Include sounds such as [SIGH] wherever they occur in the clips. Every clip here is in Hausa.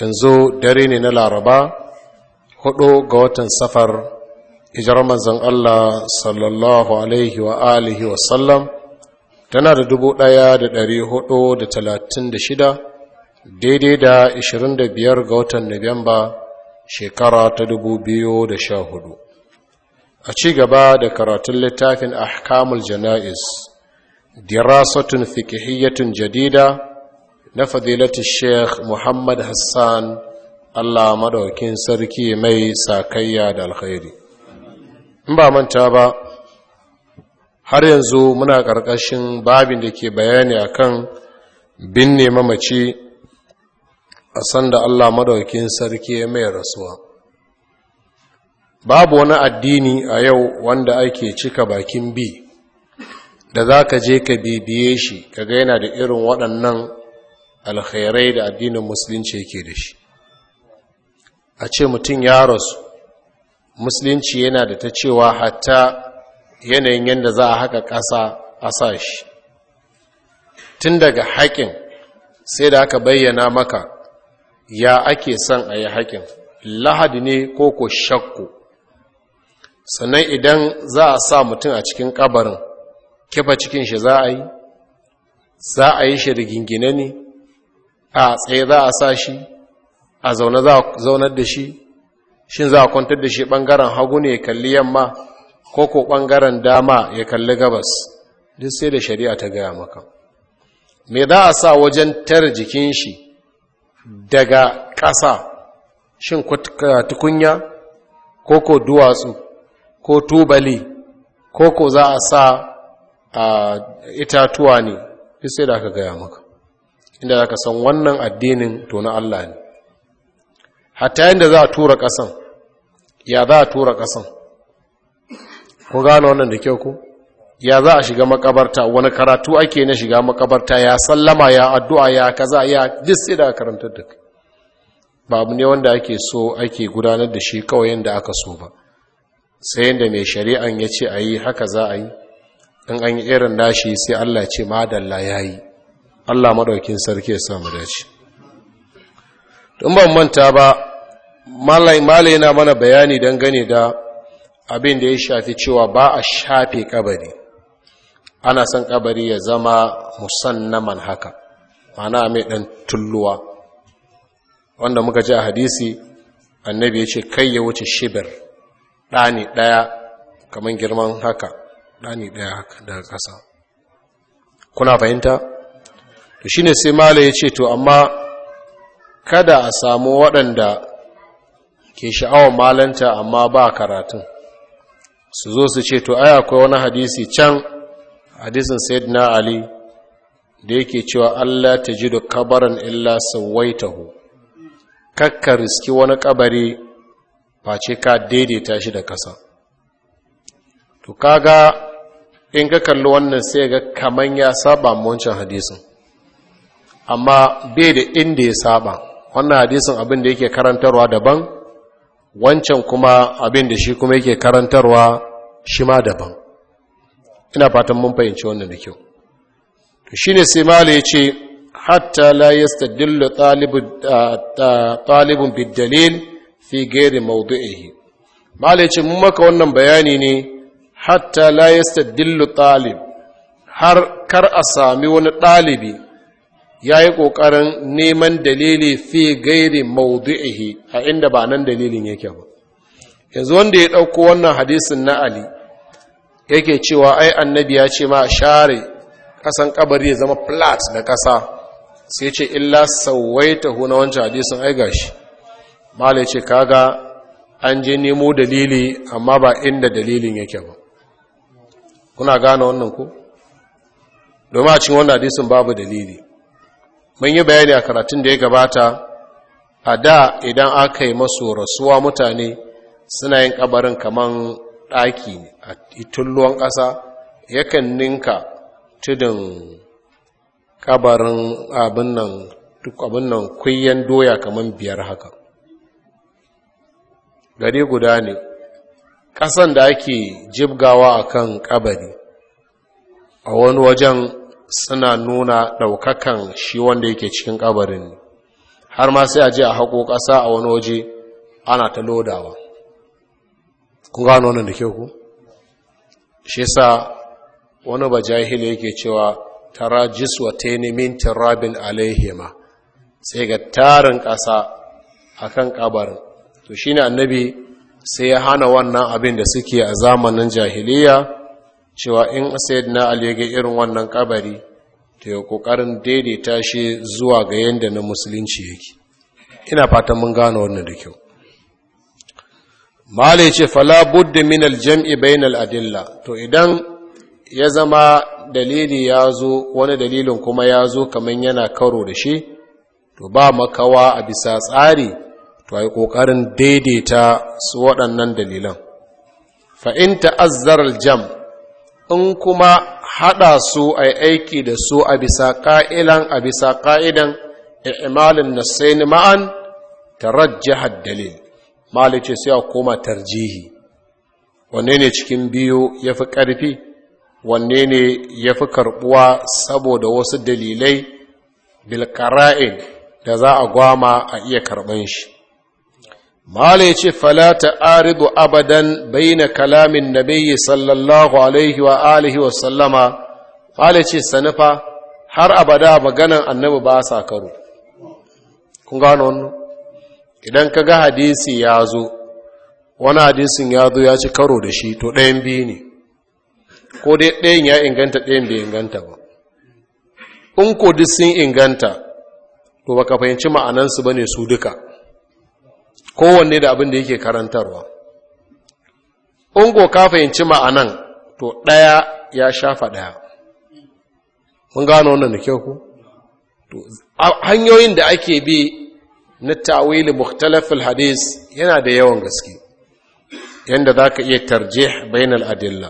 yanzu dare ne na laraba hudu ga watan safar ijar manzan Allah sallallahu alaihi wa alihi wa sallam tana da dubu daya da dari hudu da talatin da shida daidai da ishirin da biyar ga watan nuwamba shekara ta dubu biyu da sha hudu a ci gaba da karatun littafin ahkamul jana'iz dirasatun fikihiyatun jadida na fadilatu sheikh muhammad hassan allah madaukin sarki mai sakayya da alkhairi in ba manta ba har yanzu muna ƙarƙashin babin da ke bayani a akan binne mamaci a sanda allah madaukin sarki mai rasuwa babu wani addini a yau wanda ake cika bakin bi da za ka je ka bibiye shi ka gaina da irin waɗannan alkhairai da addinin musulunci yake da shi a ce mutum ya rasu musulunci yana da ta cewa hatta yanayin yadda za a haka ƙasa a sa shi tun daga haƙin sai da aka bayyana maka ya ake son a yi haƙin lahadi ne ko ko shakku sannan idan za a sa mutum a cikin ƙabarin kifa cikin shi za a yi za a yi shi rigingine ne a tsaye za a sa shi a zaune za a zaunar da shi shin za a kwantar da shi ɓangaren hagu ne ya kalli yamma ko ko ɓangaren dama ya kalli gabas duk sai da shari'a ta gaya maka me za a sa wajen tara jikin shi daga ƙasa shin tukunya ko ko duwatsu ko tubali ko ko za a sa itatuwa ne duk sai da aka gaya maka inda za ka san wannan addinin to na Allah ne hatta yadda za a tura ƙasan ya za a tura ƙasan ku gano wannan da kyau ku ya za a shiga makabarta wani karatu ake na shiga makabarta ya sallama ya addu'a ya kaza ya duk da karantar da kai ba abu ne wanda ake so ake gudanar da shi kawai yadda aka so ba sai yadda mai shari'an ya ce a yi haka za a yi in an yi irin nashi sai Allah ce madalla ya yi Allah maɗaukin sarki ya samu dace tun ban manta ba mala yana mana bayani dangane da abin da ya shafi cewa ba a shafe kabari ana son kabari ya zama musannaman haka ma'ana mai dan tulluwa wanda muka ji a hadisi annabi ya ce kai ya wuce shibir ɗani ɗaya kamar girman haka ɗani ɗaya daga ƙasa kuna fahimta to shine sai mala ya ce to amma kada a samu waɗanda ke sha'awar malanta amma ba karatun su zo su ce to ai akwai wani hadisi can hadisin sayyidina ali da yake cewa Allah ta ji da kabaran illa sawaitahu kakka riski wani kabari ba ce ka daidaita shi da kasa to kaga in ka kalli wannan sai ga kaman ya saba wancan hadisin amma bai da inda ya saba wannan hadisin abin da yake karantarwa daban wancan kuma abin da shi kuma yake karantarwa shi ma daban ina fatan mun fahimci wannan da kyau shi ne sai mala yace ce hatta la yastadillu talibun biddalil fi gairi mawdu'ihi mala ya mun maka wannan bayani ne hatta la yastadillu talib har kar a sami wani ɗalibi ya yi ƙoƙarin neman dalili fi gairi maudu'ihi a inda ba nan dalilin yake ba yanzu wanda ya ɗauko wannan hadisin na ali yake cewa ai annabi ya ce ma a share ƙasan kabari ya zama flat na ƙasa sai ce illa sauwai ta huna wancan hadisin ai gashi mala ce kaga an je nemo dalili amma ba inda dalilin yake ba kuna gane wannan ku? domin a cikin wannan hadisin babu dalili mun yi bayani a karatun da ya gabata a da idan aka yi masu rasuwa mutane suna yin kabarin kaman ɗaki a tulluwan ƙasa yakan ninka tudun kabarin abin nan duk doya kaman biyar haka gari guda ne ƙasan da ake jibgawa a kan kabari a wani wajen suna nuna ɗaukakan shi wanda yake cikin ƙabarin ne har ma sai a je a haƙo ƙasa a wani waje ana ta lodawa ku gano wani da ke ku shi sa wani ba jahili yake cewa tara jiswa ta yi nemin tarabin alaihima sai ga tarin ƙasa a kan ƙabarin to shi ne annabi sai ya hana wannan abin da suke a zamanin jahiliya cewa in sayyidina na ya irin wannan kabari to ya kokarin daidaita shi zuwa ga yadda na musulunci yake ina fatan mun gano wannan da kyau malai ce fala budda min aljam'i bainal adilla to idan ya zama dalili ya zo wani dalilin kuma ya zo kamar yana karo da shi to ba makawa a bisa tsari to ai kokarin daidaita su waɗannan dalilan fa in jam. in kuma haɗa su a aiki da su a bisa ƙa'ilan a bisa ƙa'idan imalin ni ma'an tarajjahar dalil malice sai a koma tarjihi wanne ne cikin biyu ya fi ƙarfi wanne ne ya fi karɓuwa saboda wasu dalilai bilkara'in da za a gwama a iya karɓan shi mala ce falata aridu abadan baina kalamin nabiyyi sallallahu alaihi wa alihi wa sallama mala ce sanufa har abada maganan annabi ba sa karo kun gano wannan idan ka ga hadisi ya zo wani hadisin ya zo ya ci karo da shi to ɗayan biyu ne ko dai ɗayan ya inganta ɗayan bai inganta ba in ko duk sun inganta to baka fahimci ma'anansu ba ne su duka kowanne da abin da yake karantarwa ungo ka fahimci ma'anan to ɗaya ya shafa ɗaya mun gano wannan da kyau ku to hanyoyin da ake bi na ta'wili mukhtalafil hadis yana da yawan gaske yanda ka iya tarjih bainal adilla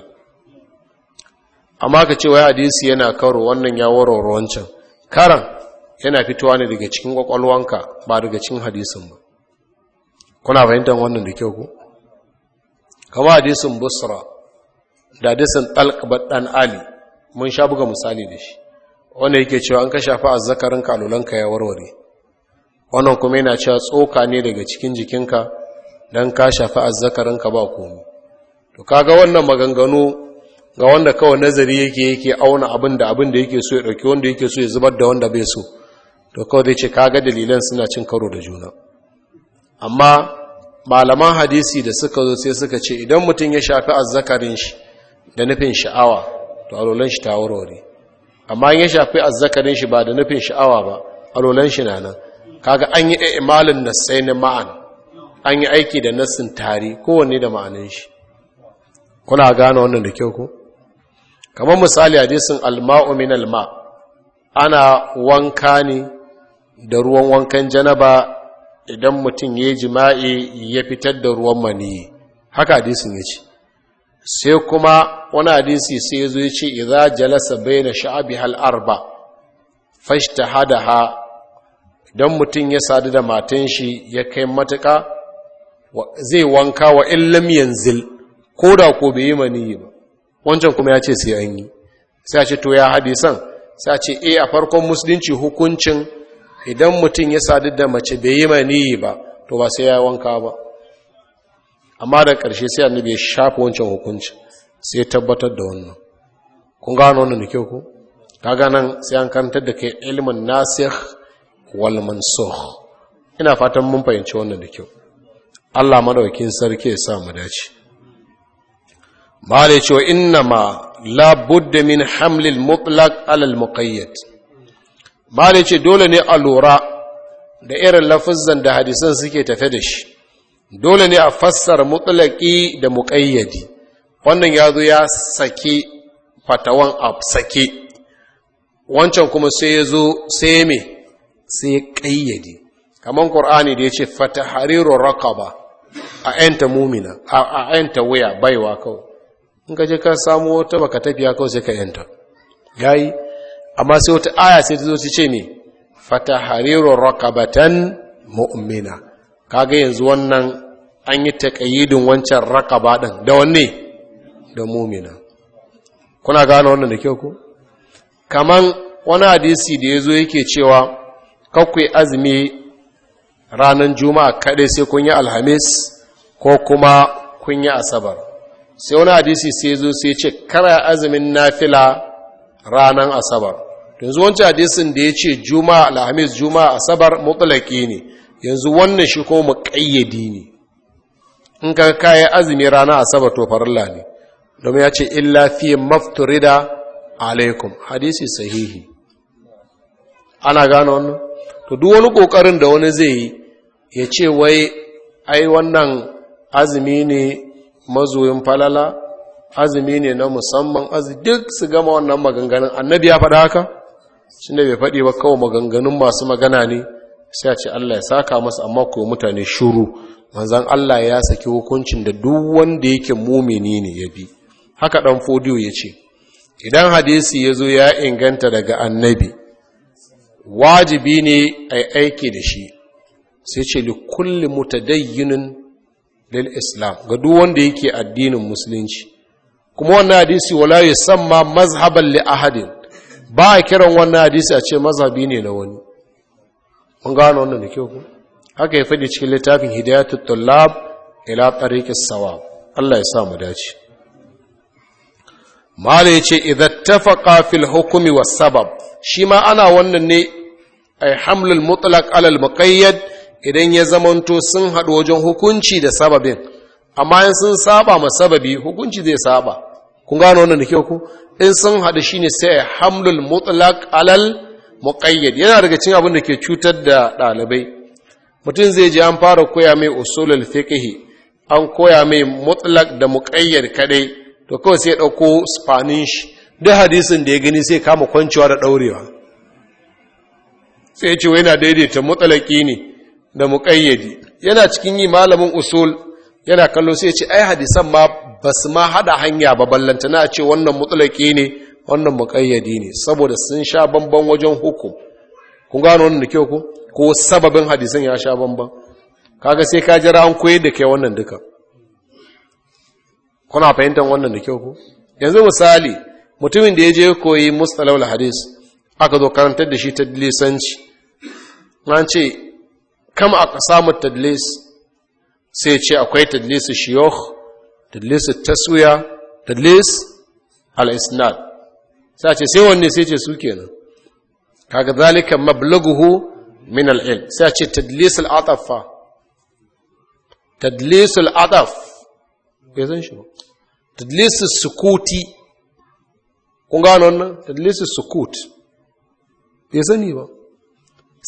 amma ka ce wai hadisi yana karo wannan ya warware wancan karan yana fitowa ne daga cikin kwakwalwanka ba daga cikin hadisin ba kuna fahimtar wannan da kyau ku kama hadisin busra da hadisin dan ali mun sha buga misali da shi wanda yake cewa an ka shafa azzakarin kalulanka ya warware wannan kuma yana cewa tsoka ne daga cikin jikinka dan ka shafa azzakarinka ba komai to kaga wannan maganganu ga wanda kawai nazari yake yake auna abin da abin da yake so ya dauki wanda yake so ya zubar da wanda bai so to kawai dai ce kaga dalilan suna cin karo da juna amma malaman hadisi da suka zo sai suka ce idan mutum ya shafi azzakarin shi da nufin sha'awa to alolan shi ta warware amma ya shafi azzakarin shi ba da nufin sha'awa ba alolan shi na nan kaga an yi imalin na ma'an an yi aiki da nassin tari kowanne da ma'anin shi kuna gane wannan da kyau ko kamar misali hadisin alma'u min alma ana wanka ne da ruwan wankan janaba idan mutum ya yi jima'i ya fitar da ruwan maniyi haka hadisin ya ce sai kuma wani hadisi sai ya zo ya ce iza jalasa na sha'abi hal arba ha, don mutum ya sadu da matan shi ya kai matuka zai wanka wa illam yanzil ko da ko bai yi maniyi ba wancan kuma ya ce sai an yi sai a ce to ya hadisan sai a ce eh a farkon musulunci hukuncin idan mutum ya sadu da mace bai yi mani ba to ba sai ya wanka ba amma da ƙarshe sai annabi ya shafa wancan hukunci sai ya tabbatar da wannan kun gano wannan da kyau ku kaga nan sai an karantar da kai ilmin nasikh wal mansukh ina fatan mun fahimci wannan da kyau Allah madaukakin sarki ya sa mu dace malai cewa inna ma la budda min hamlil mutlaq alal muqayyad mala ce dole ne a lura da irin lafizan da hadisan suke tafe da shi dole ne a fassar mutlaki da muƙayyadi wannan ya zo ya sake fatawan a sake wancan kuma sai ya zo sai mai sai ya ƙayyadi, kamar ƙur'ani da ya ce fata hariron rakaba a ‘yanta mumina a ‘yanta waya baiwa kawai in ka je ka samu wata baka tafiya kawai sai ka ‘yanta yi. amma sai wata aya sai ta zo ta ce me hariru rakabatan mu'mina kaga yanzu wannan an yi taqayyidin wancan rakaba din da wanne da mu'mina kuna gane wannan da kyau ko kaman wani hadisi da yazo yake cewa kakwai azumi ranar juma'a kaɗai sai kun yi alhamis ko kuma kun yi asabar sai wani hadisi sai zo sai ce kara azumin nafila ranar asabar yanzu wancan hadisin da ya ce juma'a alhamis juma'a asabar mutlaki ne yanzu wannan shi ko muƙayyadi ne in ka kayan azumi rana asabar to farilla ne domin ya ce illa fi mafturida alaikum hadisi sahihi ana gano wannan to duk wani kokarin da wani zai ya ce wai ai wannan azumi ne mazoyin falala azumi ne na musamman azumi duk su gama wannan maganganun annabi ya faɗa haka shi da bai faɗi ba kawai maganganun masu magana ne sai a ce Allah ya saka masa amma ko mutane shuru manzan Allah ya saki hukuncin da duk wanda yake mumini ne ya bi haka dan fodiyo ya ce idan hadisi ya zo ya inganta daga annabi wajibi ne a aiki da shi sai ce li kulli mutadayyinin lil islam ga duk wanda yake addinin musulunci kuma wannan hadisi wala yusamma mazhaban li ahadin ba a kiran wannan hadisi a ce mazhabi ne na wani mun gano wannan da kyau ku haka ya faɗi cikin littafin hidayatul tullab ila tariqis sawab Allah ya sa mu dace mala yace idza tafaqa fil hukumi was sabab shi ma ana wannan ne ay hamlul mutlaq ala al muqayyad idan ya zamanto sun haɗu wajen hukunci da sababin amma in sun saba ma sababi hukunci zai saba kun gano wannan da kyau ku in sun haɗu ne sai hamlul mutlaq alal muqayyad yana daga cikin abin da ke cutar da ɗalibai mutum zai je an fara koya mai usulul fiqh an koya mai mutlaq da muqayyad kadai to kawai sai ya dauko spanish duk hadisin da ya gani sai kama kwancewa da daurewa sai ce yana daidaita mutlaqi ne da muqayyadi yana cikin yi malamin usul yana kallo sai ya ce ai hadisan ma ba su ma hada hanya ba ballanta a ce wannan mutulaki ne wannan muƙayyadi ne saboda sun sha bamban wajen hukum kun gano wannan da kyau ku ko sababin hadisin ya sha bamban kaga sai ka jira an koyar da kai wannan duka kuna fahimtar wannan da kyau ku yanzu misali mutumin da ya je koyi mustalahul hadis aka zo karantar da shi tadlisanci Na ce kama aka samu tadlis sai ce akwai tadlisu shiyokh dallis taswiya dallis al-isnad sai sai wanne sai ce su kenan kaga zalika mablaguhu min al-ilm sace tadlis al-ataf tadlis al-ataf bai san shi ba tadlis sukuti kun ga wannan tadlis sukut bai sani ba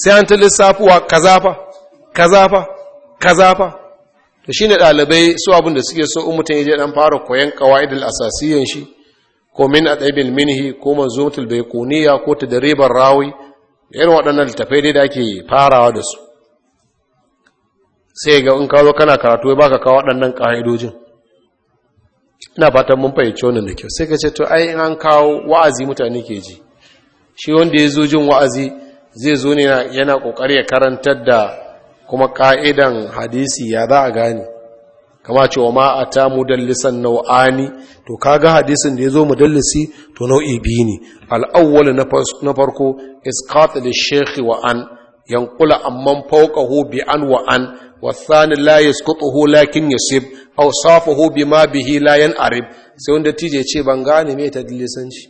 sai an ta safuwa kaza fa kaza fa kaza fa shi shine dalibai su abin da suke so in mutum yaje dan fara koyan qawaidul asasiyan shi ko min adabil minhi ko manzumatul bayquniya ko tadribar rawi irin waɗannan littafai dai da ake farawa da su sai ga in ka zo kana karatu ba ka kawo waɗannan ƙa'idojin ina fatan mun fahimci wannan da kyau sai ka ce to ai in an kawo wa'azi mutane ke ji shi wanda ya zo jin wa'azi zai zo ne yana ƙoƙari ya karantar da kuma ka'idan hadisi ya za a gane kama cewa wa a ta mudallisan nau'ani to kaga hadisin da ya zo mudallisi to nau'i biyu ne al'awwal na farko is da shekhi wa an yankula amman fawqahu bi an wa an والثاني لا يسقطه لكن يصيب أو صافه بما به لا ينعرب sai wanda tije ce ban gane me ta dillisanci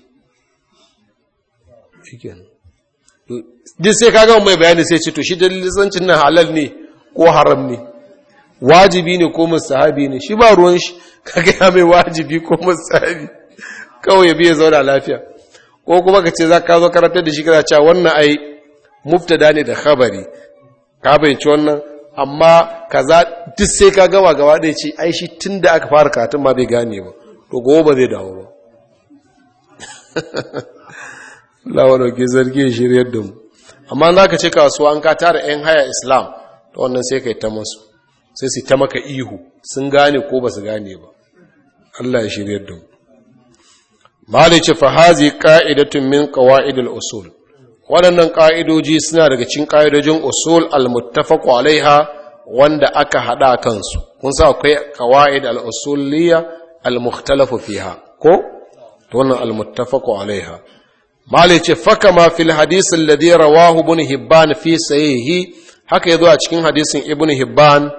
shikenan duk sai ka mai bayani sai ce to shi dalilancin nan halal ne ko haram ne wajibi ne ko musahabi ne shi ba ruwan shi [LAUGHS] kaga ya mai wajibi ko musahabi kawai biya zauna lafiya ko kuma ka ce za ka zo karatar da shi kana cewa wannan ai mubtada ne da khabari ka bayyana wannan amma kaza duk sai ka gama gaba da ce ai shi tunda aka fara karatun ma bai gane ba to gobe ba zai dawo ba [LAUGHS] lawarauki zargi shiryar da mu amma za ka ce kasuwa an ka tara 'yan haya islam ta wannan sai ka yi ta masu sai su ta maka ihu sun gane ko ba su gane ba allah ya shiryar da mu malice fahazi ka'idatun min qawa'idil usul waɗannan ƙa'idoji suna daga cikin ƙa'idojin usul al-muttafaqu alaiha wanda aka haɗa kansu kun sa akwai qawaid al-usuliyya al-mukhtalafu fiha ko to wannan al-muttafaqu alaiha malai ce faka ma fil hadisin ladhi rawahu ibn hibban fi sahihi haka yazo a cikin hadisin ibn hibban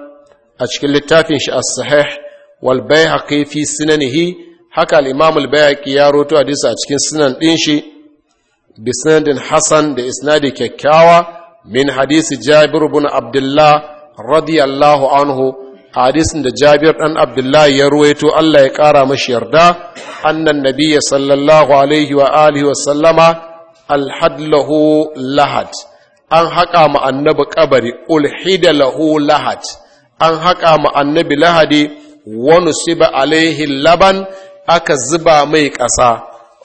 a cikin littafin shi as-sahih wal bayhaqi fi sunanihi haka al-imam al-bayhaqi ya roto hadisi a cikin sunan din shi bi sanadin hasan da isnadi kyakkyawa min hadisi jabir ibn abdullah radiyallahu anhu hadisin da jabir ɗan abdullahi ya ruwaito Allah ya ƙara mashi yarda annan nabiya sallallahu alaihi wa alihi wa alhadlahu lahad an haƙa ma annabi ƙabari ulhida lahu lahad an haƙa ma annabi lahadi wani siba alaihi laban aka zuba mai ƙasa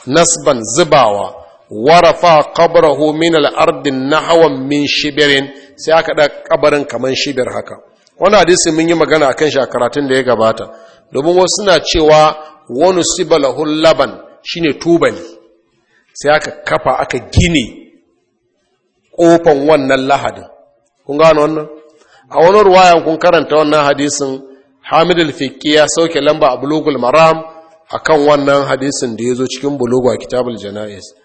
nasban zubawa warafa ƙabarahu min al'ardin nahawan min shibirin sai aka ɗa ƙabarin kamar shibir haka wani hadisi mun yi magana a kan shakaratun da ya gabata domin wasu suna cewa wani sibalahun laban shine tubali sai aka kafa aka gine kofan wannan lahadin kun gano wannan a wani ruwayan kun karanta wannan hadisin hamid al ya sauke lamba a bulugul maram a kan wannan hadisin da ya zo cikin bulugu a kitabul jana'is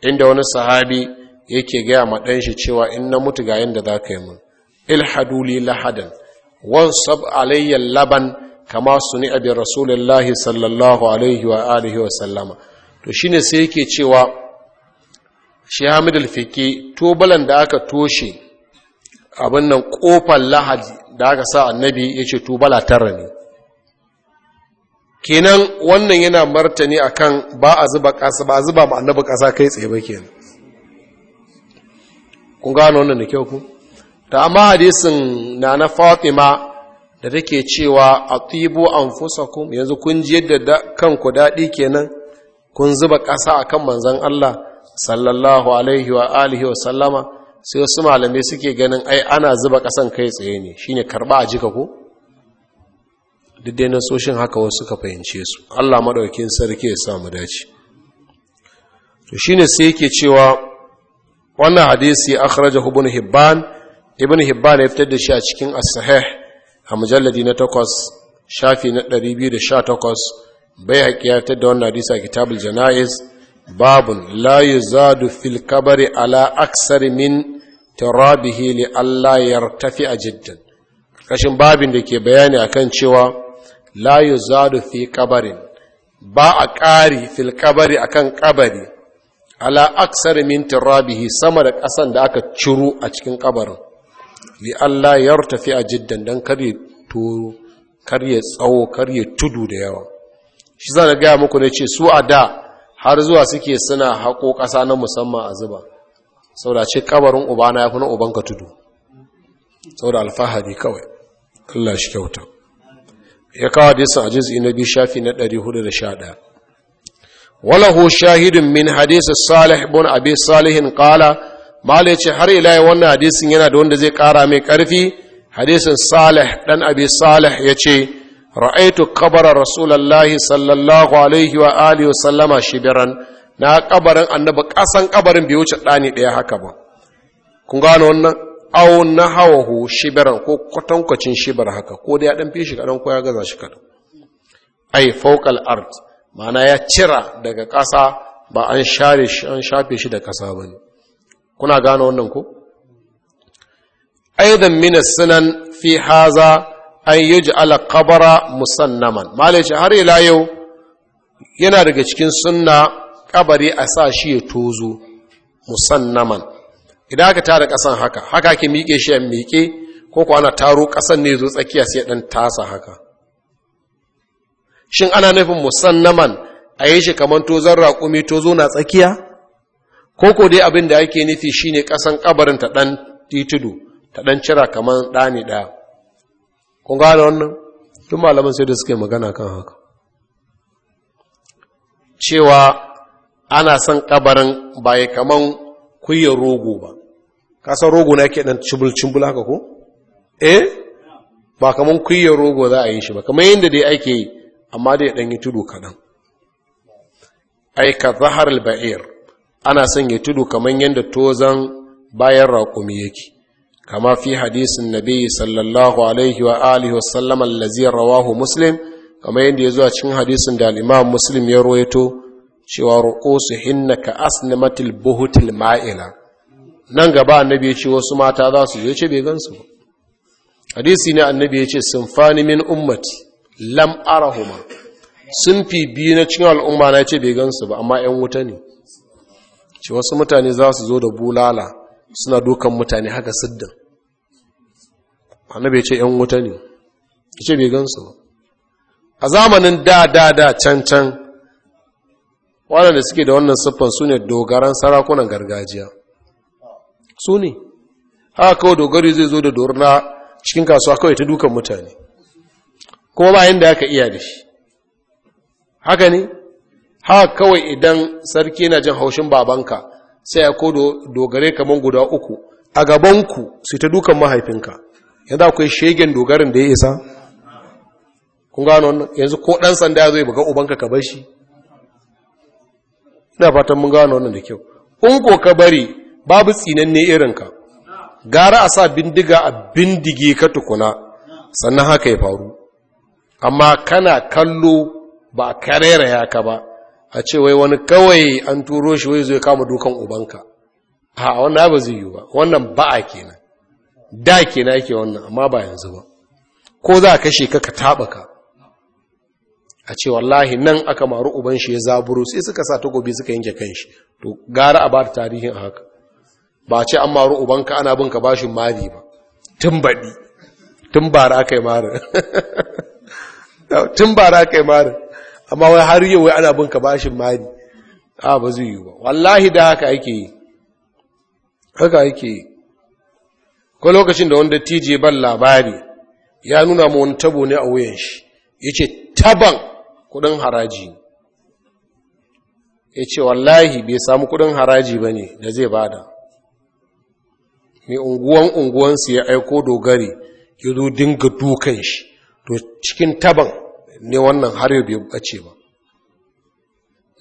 inda wani sahabi yake gaya ma ɗan shi cewa in na mutu ga yadda za ka yi mun ilhaduli lahadin. wansab alayya laban kama ni abin rasulullahi sallallahu alaihi wa alihi wa sallama to shine sai yake cewa shi Hamid al tobalan da aka toshe abin nan kofar lahaji da aka sa annabi yace tubala tara ne kenan wannan yana martani akan ba a zuba kasa ba a zuba ma annabi kasa kai tsaye ba kenan kun gano wannan da kyau ku ta amma hadisin na na fatima da take cewa a tibo an ku yanzu kun ji yadda kanku daɗi kenan kun zuba ƙasa a kan manzan Allah sallallahu alaihi wa alihi wa sallama sai wasu malamai suke ganin ai ana zuba ƙasan kai tsaye ne shi ne karɓa a jika ko duk dai soshin haka wasu ka fahimce su Allah maɗaukin sarki ya samu dace to shine sai yake cewa wannan hadisi akhrajahu ibn hibban ibn hibban ya fitar da shi a cikin as-sahih a mujalladi na 8 shafi na 218 bai haƙiya ta da wannan hadisi a kitabul janaiz babun la yuzadu fil kabari ala aksar min turabihi li alla yartafi a jiddan kashin babin da ke bayani akan cewa la yuzadu fi ba a ƙari fil kabari akan kabari ala aksar min turabihi sama da ƙasan da aka ciro a cikin ƙabarin. li Allah ya tafi a jiddan don karye toro karye tsawo karye tudu da yawa shi za gaya muku ne ce su a da har zuwa suke suna haƙo ƙasa na musamman a zuba ce kabarin ubana ya fi na ubanka tudu saboda alfahari kawai Allah shi kyauta ya kawo hadisin a jiz'i inabi shafi na 411 walahu shahidin min hadisi salih bin abi salihin kala malai ce har ila wannan hadisin yana da wanda zai kara mai karfi hadisin salih dan abi salih ya ce ra'aitu kabara rasulallah sallallahu alaihi wa aliyu sallama shibiran na kabarin annaba. kasan kabarin bai wuce dani daya haka ba kun gano wannan Au na hawahu shibiran ko kwatankwacin shibar haka ko da ya dan fi shi kadan ko ya gaza shi kadan ai fawqal ard ma'ana ya cira daga ƙasa ba an share shi an shafe shi da kasa bane kuna gano wannan ko aidan min sunan fi haza an yuj'ala qabara musannaman malaci har ila yau yana daga cikin sunna kabari a sa shi ya tozo musannaman idan aka tara kasan haka haka ke miƙe shi ya miƙe ko ko ana taro kasan ne zo tsakiya sai dan tasa haka shin ana nufin musannaman a yi shi kamar tozon raƙumi tozo na tsakiya ko ko dai abin da ake nufi shine kasan kabarin ta dan titudu ta dan cira kaman dani daya kun gane wannan tun malaman sai da suke magana kan haka cewa ana san kabarin ba ya kaman kuyar rogo ba kasan rogo na yake dan cibul-cibul haka ko eh ba kaman kuyar rogo za a yi shi ba kamar yadda dai ake yi amma dai dan yi tudu kaɗan aika zahar al-ba'ir ana son ya tudu kamar yadda tozan bayan raƙumi yake kama fi hadisin nabi sallallahu alaihi wa alihi wasallam allazi rawahu muslim kamar yadda ya zuwa cikin hadisin da al'imam muslim ya royato cewa su hinna ka asnimatil buhutil ma'ila nan gaba annabi ya ce wasu mata za su je ce bai gansu ba hadisi ne annabi ya ce fani min ummati lam arahuma sun fi biyu na cikin al'umma na ce bai gansu ba amma 'yan wuta ne ce wasu mutane za su zo da bulala suna dukan mutane haka siddin bai ce ‘yan wuta ne ya ce bai gansu ba a zamanin da da da can can waɗanda suke da wannan siffan su ne dogaran sarakunan gargajiya su ne haka kawai dogari zai zo da dorna cikin kasuwa kawai ta dukan mutane kuma ba da aka iya da shi haka ne ha kawai idan sarki yana jin haushin babanka sai ya kodo dogare kaman guda uku a gabanku su ta dukan mahaifinka yanzu akwai shegen dogarin da ya isa kun gano yanzu ko ɗan sanda ya zo ya buga ubanka ka bar shi ina fatan mun gano wannan da kyau in ko ka bari babu tsinan ne irinka gara a sa bindiga a bindige ka tukuna sannan haka ya faru amma kana kallo ba a karera ya ka ba a ce wai wani kawai an turo shi wai zai kama dukan ubanka ha wannan ba zai yi ba wannan ba'a kenan da kenan yake wannan amma ba yanzu ba ko za a kashe ka ka taba ka a ce wallahi nan aka maru uban shi ya zaburo sai suka sa ta gobe suka yanke kan shi to gara a ba da tarihin a haka ba ce an maru ubanka ana bin ka bashin mari ba tun baɗi tun bara aka yi marin [LAUGHS] amma wai har yau wai ana bin ka bashin mari a ba zai yi ba wallahi da haka ake yi haka ake yi ko lokacin da wanda tije ban labari ya nuna ma wani tabo ne a wuyan shi ya ce taban kudin haraji ya ce wallahi bai samu kudin haraji ba ne da zai bada mai unguwan unguwansu ya aiko dogari ya zo dinga dukan shi to cikin taban ne wannan har yau bai bace ba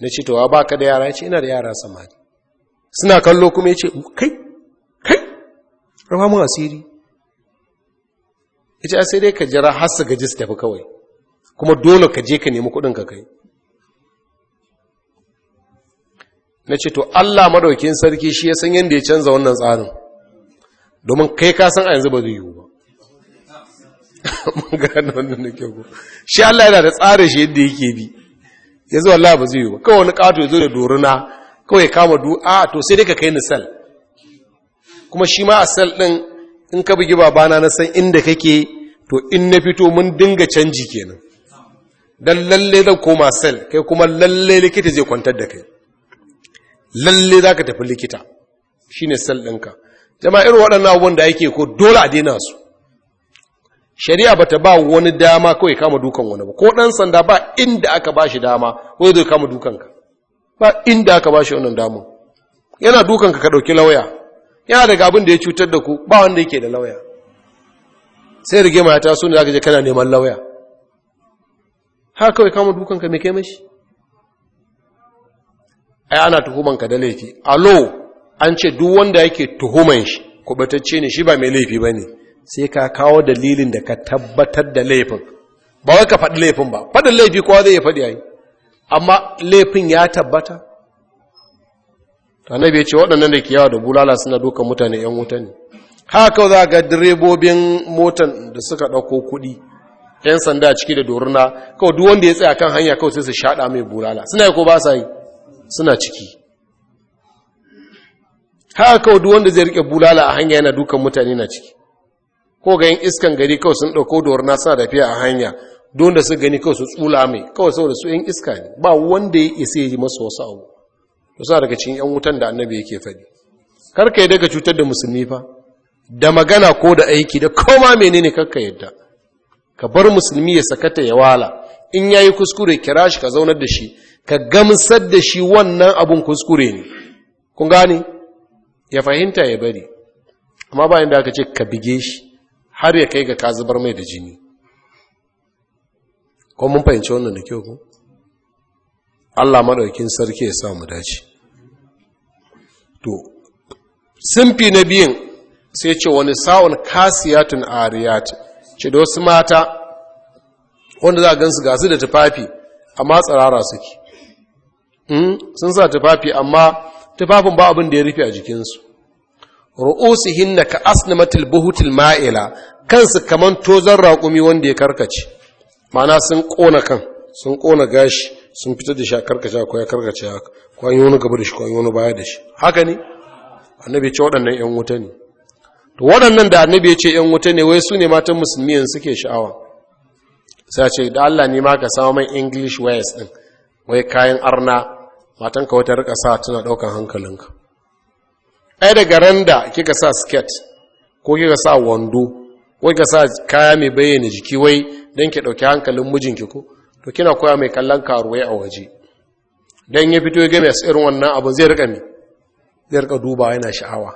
na ce towa ba ka da yara ce ina da yara samari suna kallo kuma ya ce kai kai rama mu asiri ya ce sai dai ka jira har su gaji su tafi kawai kuma dole ka je ka nemi kudin ka kai na ce to Allah madaukin sarki shi ya san yadda ya canza wannan tsarin domin kai ka san a yanzu ba zai yiwu ba [LAUGHS] mun gane wannan da kyau shi Allah yana da tsara shi yadda yake bi yanzu wallahi ba zai yi ba kawai wani kato ya zo da doruna kawai ya kama du'a to sai dai ka kai ni sal kuma shi ma a sal din in ka bugi babana na san inda kake to in na fito mun dinga canji kenan dan lalle zan koma sal kai kuma lalle likita zai kwantar da kai lalle zaka tafi likita shine sal ɗinka jama'a irin waɗannan abubuwan da ake ko dole a daina su shari'a bata ba wani dama kawai kama dukan wani ba ko ɗan sanda ba inda aka ba shi dama wai zai kama dukan ka ba inda aka ba shi wannan dama yana dukan ka ka ɗauki lauya yana daga abin da ya cutar da ku ba wanda yake da lauya sai rige ma ta sunu zaka je kana neman lauya ha kawai kama dukan ka me kai mashi ai ana tuhuman ka da laifi alo an ce duk wanda yake tuhuman shi kubatacce ne shi ba mai laifi bane sai ka kawo dalilin da ka tabbatar da laifin ba wai ka faɗi laifin ba faɗin laifi kowa zai faɗi yayi amma laifin ya tabbata annabi ya ce waɗannan da ke yawa da bulala suna dukan mutane yan wuta ne haka za ga direbobin motan da suka ɗauko kuɗi yan sanda ciki da doruna kawai duk wanda ya tsaya kan hanya kawai sai su shaɗa mai bulala suna yi ko ba sa yi suna ciki haka kawai duk wanda zai rike bulala a hanya yana dukan mutane na ciki ko ga yin iskan gari kawai sun ɗauko da warna suna tafiya a hanya don da su gani kawai su tsula mai kawai saboda su yin iska ne ba wanda ya isa yi masu wasu abu da sa daga cikin yan wutan da annabi yake faɗi karka yi daga cutar da musulmi fa da magana ko da aiki da koma menene karka yadda ka bar musulmi ya sakata ya wala in yayi kuskure kira shi ka zaunar da shi ka gamsar da shi wannan abun kuskure ne kun gane ya fahimta ya bari amma bayan da aka ce ka bige shi har ya kai ga ka zubar mai da jini ko mun fahimci wannan da kyau ko Allah maɗaukin sarki ya sa mu dace to simfi na biyin sai ce wani sa'un kasiyatun ariyat ce da wasu mata wanda za a gansu ga su da tufafi amma tsirara suke hmm? sun sa tufafi amma tufafin ba abin da ya rufe a jikinsu ru'usihinna ka asnamatil buhutil ma'ila kansu kaman tozon raƙumi wanda ya karkace ma'ana sun ƙona kan sun ƙona gashi sun fitar da shi a karkace ko ya karkace haka ko an yi wani gaba da shi ko an yi wani baya da shi haka ne annabi ce waɗannan ƴan wuta ne to waɗannan da annabi ce ƴan wuta ne wai su ne matan musulmi yanzu suke sha'awa sai ce da Allah ne ma ka samu mai english wares din wai kayan arna matanka wata rika sa tana daukan hankalinka ai daga randa kika sa skirt ko kika sa wando ko kika sa kaya mai bayyana jiki wai don ki ɗauki hankalin mijinki ko to kina koya mai kallon karuwai a waje don ya fito ya game su irin wannan abin zai rika mi zai rika duba yana sha'awa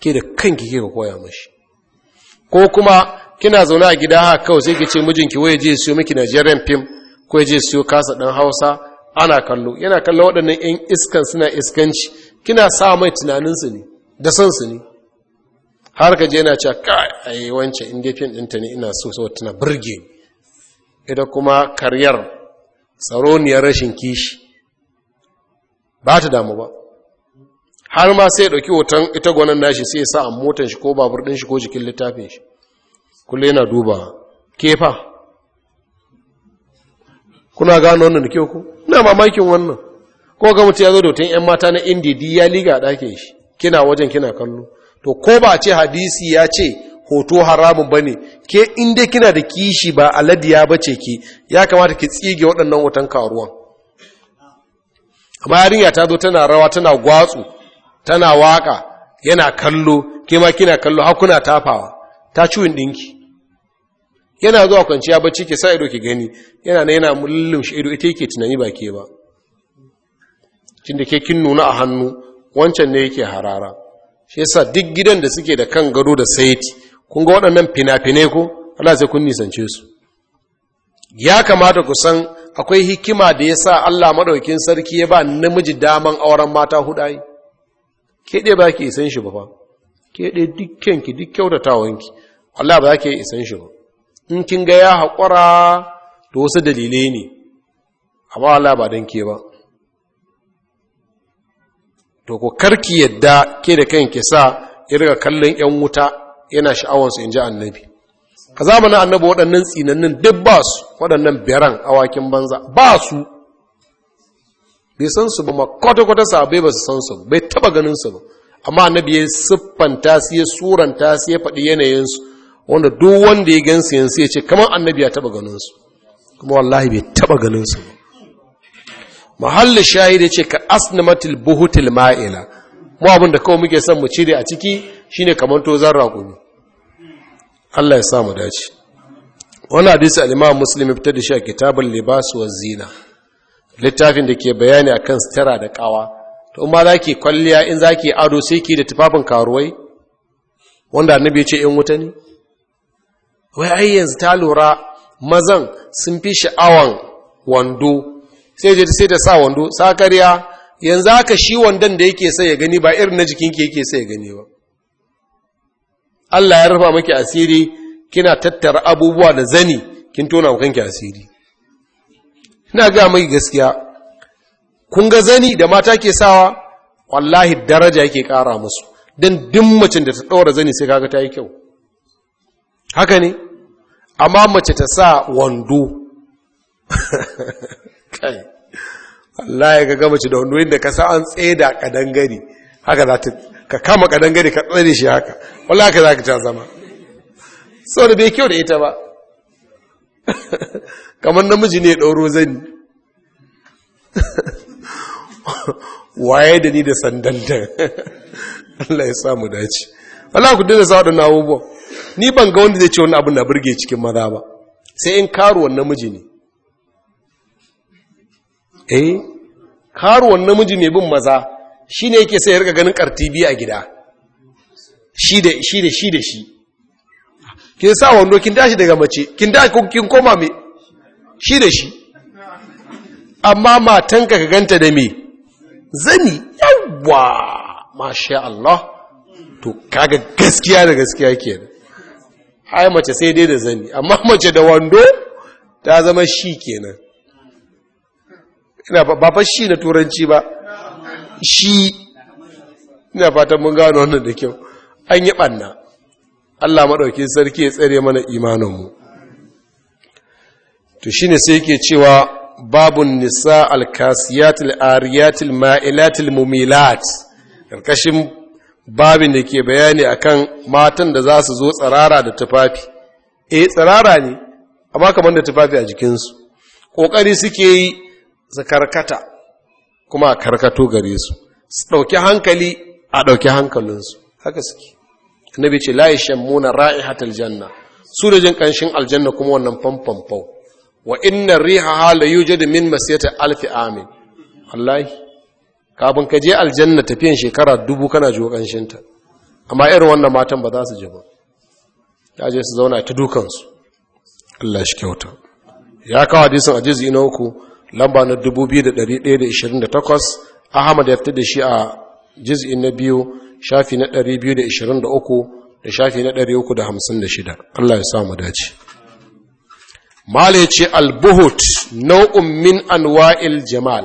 ke da kanki ke ka koya mashi ko kuma kina zaune a gida haka kawai sai ki ce mijinki wai je siyo miki Nigerian fim ko je siyo kasa ɗan Hausa ana kallo yana kallo waɗannan 'yan iskan suna iskanci kina sa mai tunaninsu ne da su ne har ka je yana ce kai a yi wancan indifin ɗinta ne ina so sau tana birge ita kuma karyar tsaroniyar rashin kishi ba ta damu ba har ma sai ɗauki hoton ita gwanon nashi sai sa a motar shi ko babur ɗin shi ko jikin littafin shi Kullum yana duba kefa kuna gano wannan da kyau ku ina mamakin wannan ko ga mutu ya zo da yan mata na indi di ya liga a ɗakin shi kina wajen kina kallo to ko ba ce hadisi ya ce hoto haramun ba ne ke inda kina da kishi ba aladiya ba ce ki ya kamata ki tsige waɗannan watan karuwan amma ya ta zo tana rawa tana gwatsu tana waka yana kallo ke ma kina kallo hakuna tafawa ta ciwon ɗinki yana zuwa kwanciya bacci ke sa ido ki gani yana na yana mullum shi ido ita yake tunani ba ke ba da ke kin nuna a hannu wancan ne yake harara shi yasa duk gidan da suke da kan gado da saiti kun ga waɗannan fina-finai ko Allah sai kun nisance su ya kamata ku san akwai hikima da ya sa Allah maɗaukin sarki ya ba namiji daman auren mata hudayi ke ɗaya ba ki isan shi ba fa ke ɗaya dukkanki duk kyautatawanki Allah ba ki isan shi ba in kin ga ya haƙura da wasu dalilai ne amma Allah ba don ke ba to ku karki yadda ke da ke sa ya riga kallon yan wuta yana sha'awansu in ji annabi ka zama na annabi waɗannan tsinannin duk ba su waɗannan beran awakin banza ba su bai san su ba ma kwata-kwata sabai ba su san su bai taba ganin su ba amma annabi ya siffanta su ya suranta su ya faɗi yanayinsu wanda duk wanda ya gansu yansu ya ce kamar annabi ya taba ganin su kuma wallahi bai taba ganin su ba mahallin shahidi ce ka asnamatil buhutil ma'ila mu abin kawai muke son mu cire a ciki shine kamar to zan raƙumi Allah ya sa mu dace wannan hadisi al-Imam Muslim fitar da shi a kitabul libas wa zina littafin da ke bayani akan sitara da kawa to ma zaki kwalliya in zaki ado sai ki da tufafin karuwai wanda annabi ya ce in wuta ne wai ai yanzu ta lura mazan sun fi sha'awan wando sai je sai ta sa wando sa kariya yanzu haka shi wandon da yake sai ya gani ba irin na jikinki yake sai ya gani ba Allah ya rufa maki asiri kina tattara abubuwa da zani kin tona kanki asiri ina ga mai gaskiya kun ga zani da mata ke sawa wallahi daraja yake kara musu dan dimmacin da ta ɗaura zani sai kaga ta yi kyau haka ne amma mace ta sa wando [LAUGHS] kai wallahi ka gama ci da wani da ka sa an tsaye da gari haka za ta ka kama gari ka tsare shi haka wallahi haka za ka ta zama sau da bai kyau da ita ba [LAUGHS] kamar namiji ne dauro zani [LAUGHS] waye da ni da sandaldan [LAUGHS] Allah ya mu dace wallahi ku dinga sa waɗannan abubuwan ni ban ga wanda zai ce wani abu na burge cikin maza ba sai in wannan namiji ne eh karuwan namiji mai bin maza shi ne yake sai ya riga ganin biya a gida shi da shi da shi da shi kin sa wando kin tashi daga mace kin da kin koma me shi da shi amma matanka ka ganta da me zani yawa masha Allah to kaga gaskiya da gaskiya kenan ai mace sai dai da zani amma mace da wando ta zama shi kenan ina ba fa shi na turanci ba shi ina fatan mun gano wannan da kyau an yi ɓanna Allah maɗauki sarki ya tsare mana imaninmu to shi ne sai ke cewa babun nisa alkasiyatil ariyatil ma'ilatil mumilat ƙarƙashin babin da ke bayani akan matan da za su zo tsarara da tufafi eh tsarara ne amma kamar da tufafi a jikinsu ƙoƙari suke yi su karkata kuma a karkato gare su su ɗauki hankali a ɗauki hankalinsu haka suke annabi ce la yashammuna ra'ihatal janna su da jin kanshin aljanna kuma wannan famfan fau wa inna rihaha la yujadu min masiyati alfi amin wallahi kafin ka je aljanna tafiyan shekara dubu kana jiwo ƙanshinta. amma irin wannan matan ba za su je ba ya je su zauna ta dukansu Allah shi kyauta ya kawo hadisin ajizi ina uku lamba na 2128 ahmad ya fita da shi a juz'in na biyu shafi na 223 da shafi na 356 Allah ya sa mu dace mala yace al-buhut nau'un min anwa'il jamal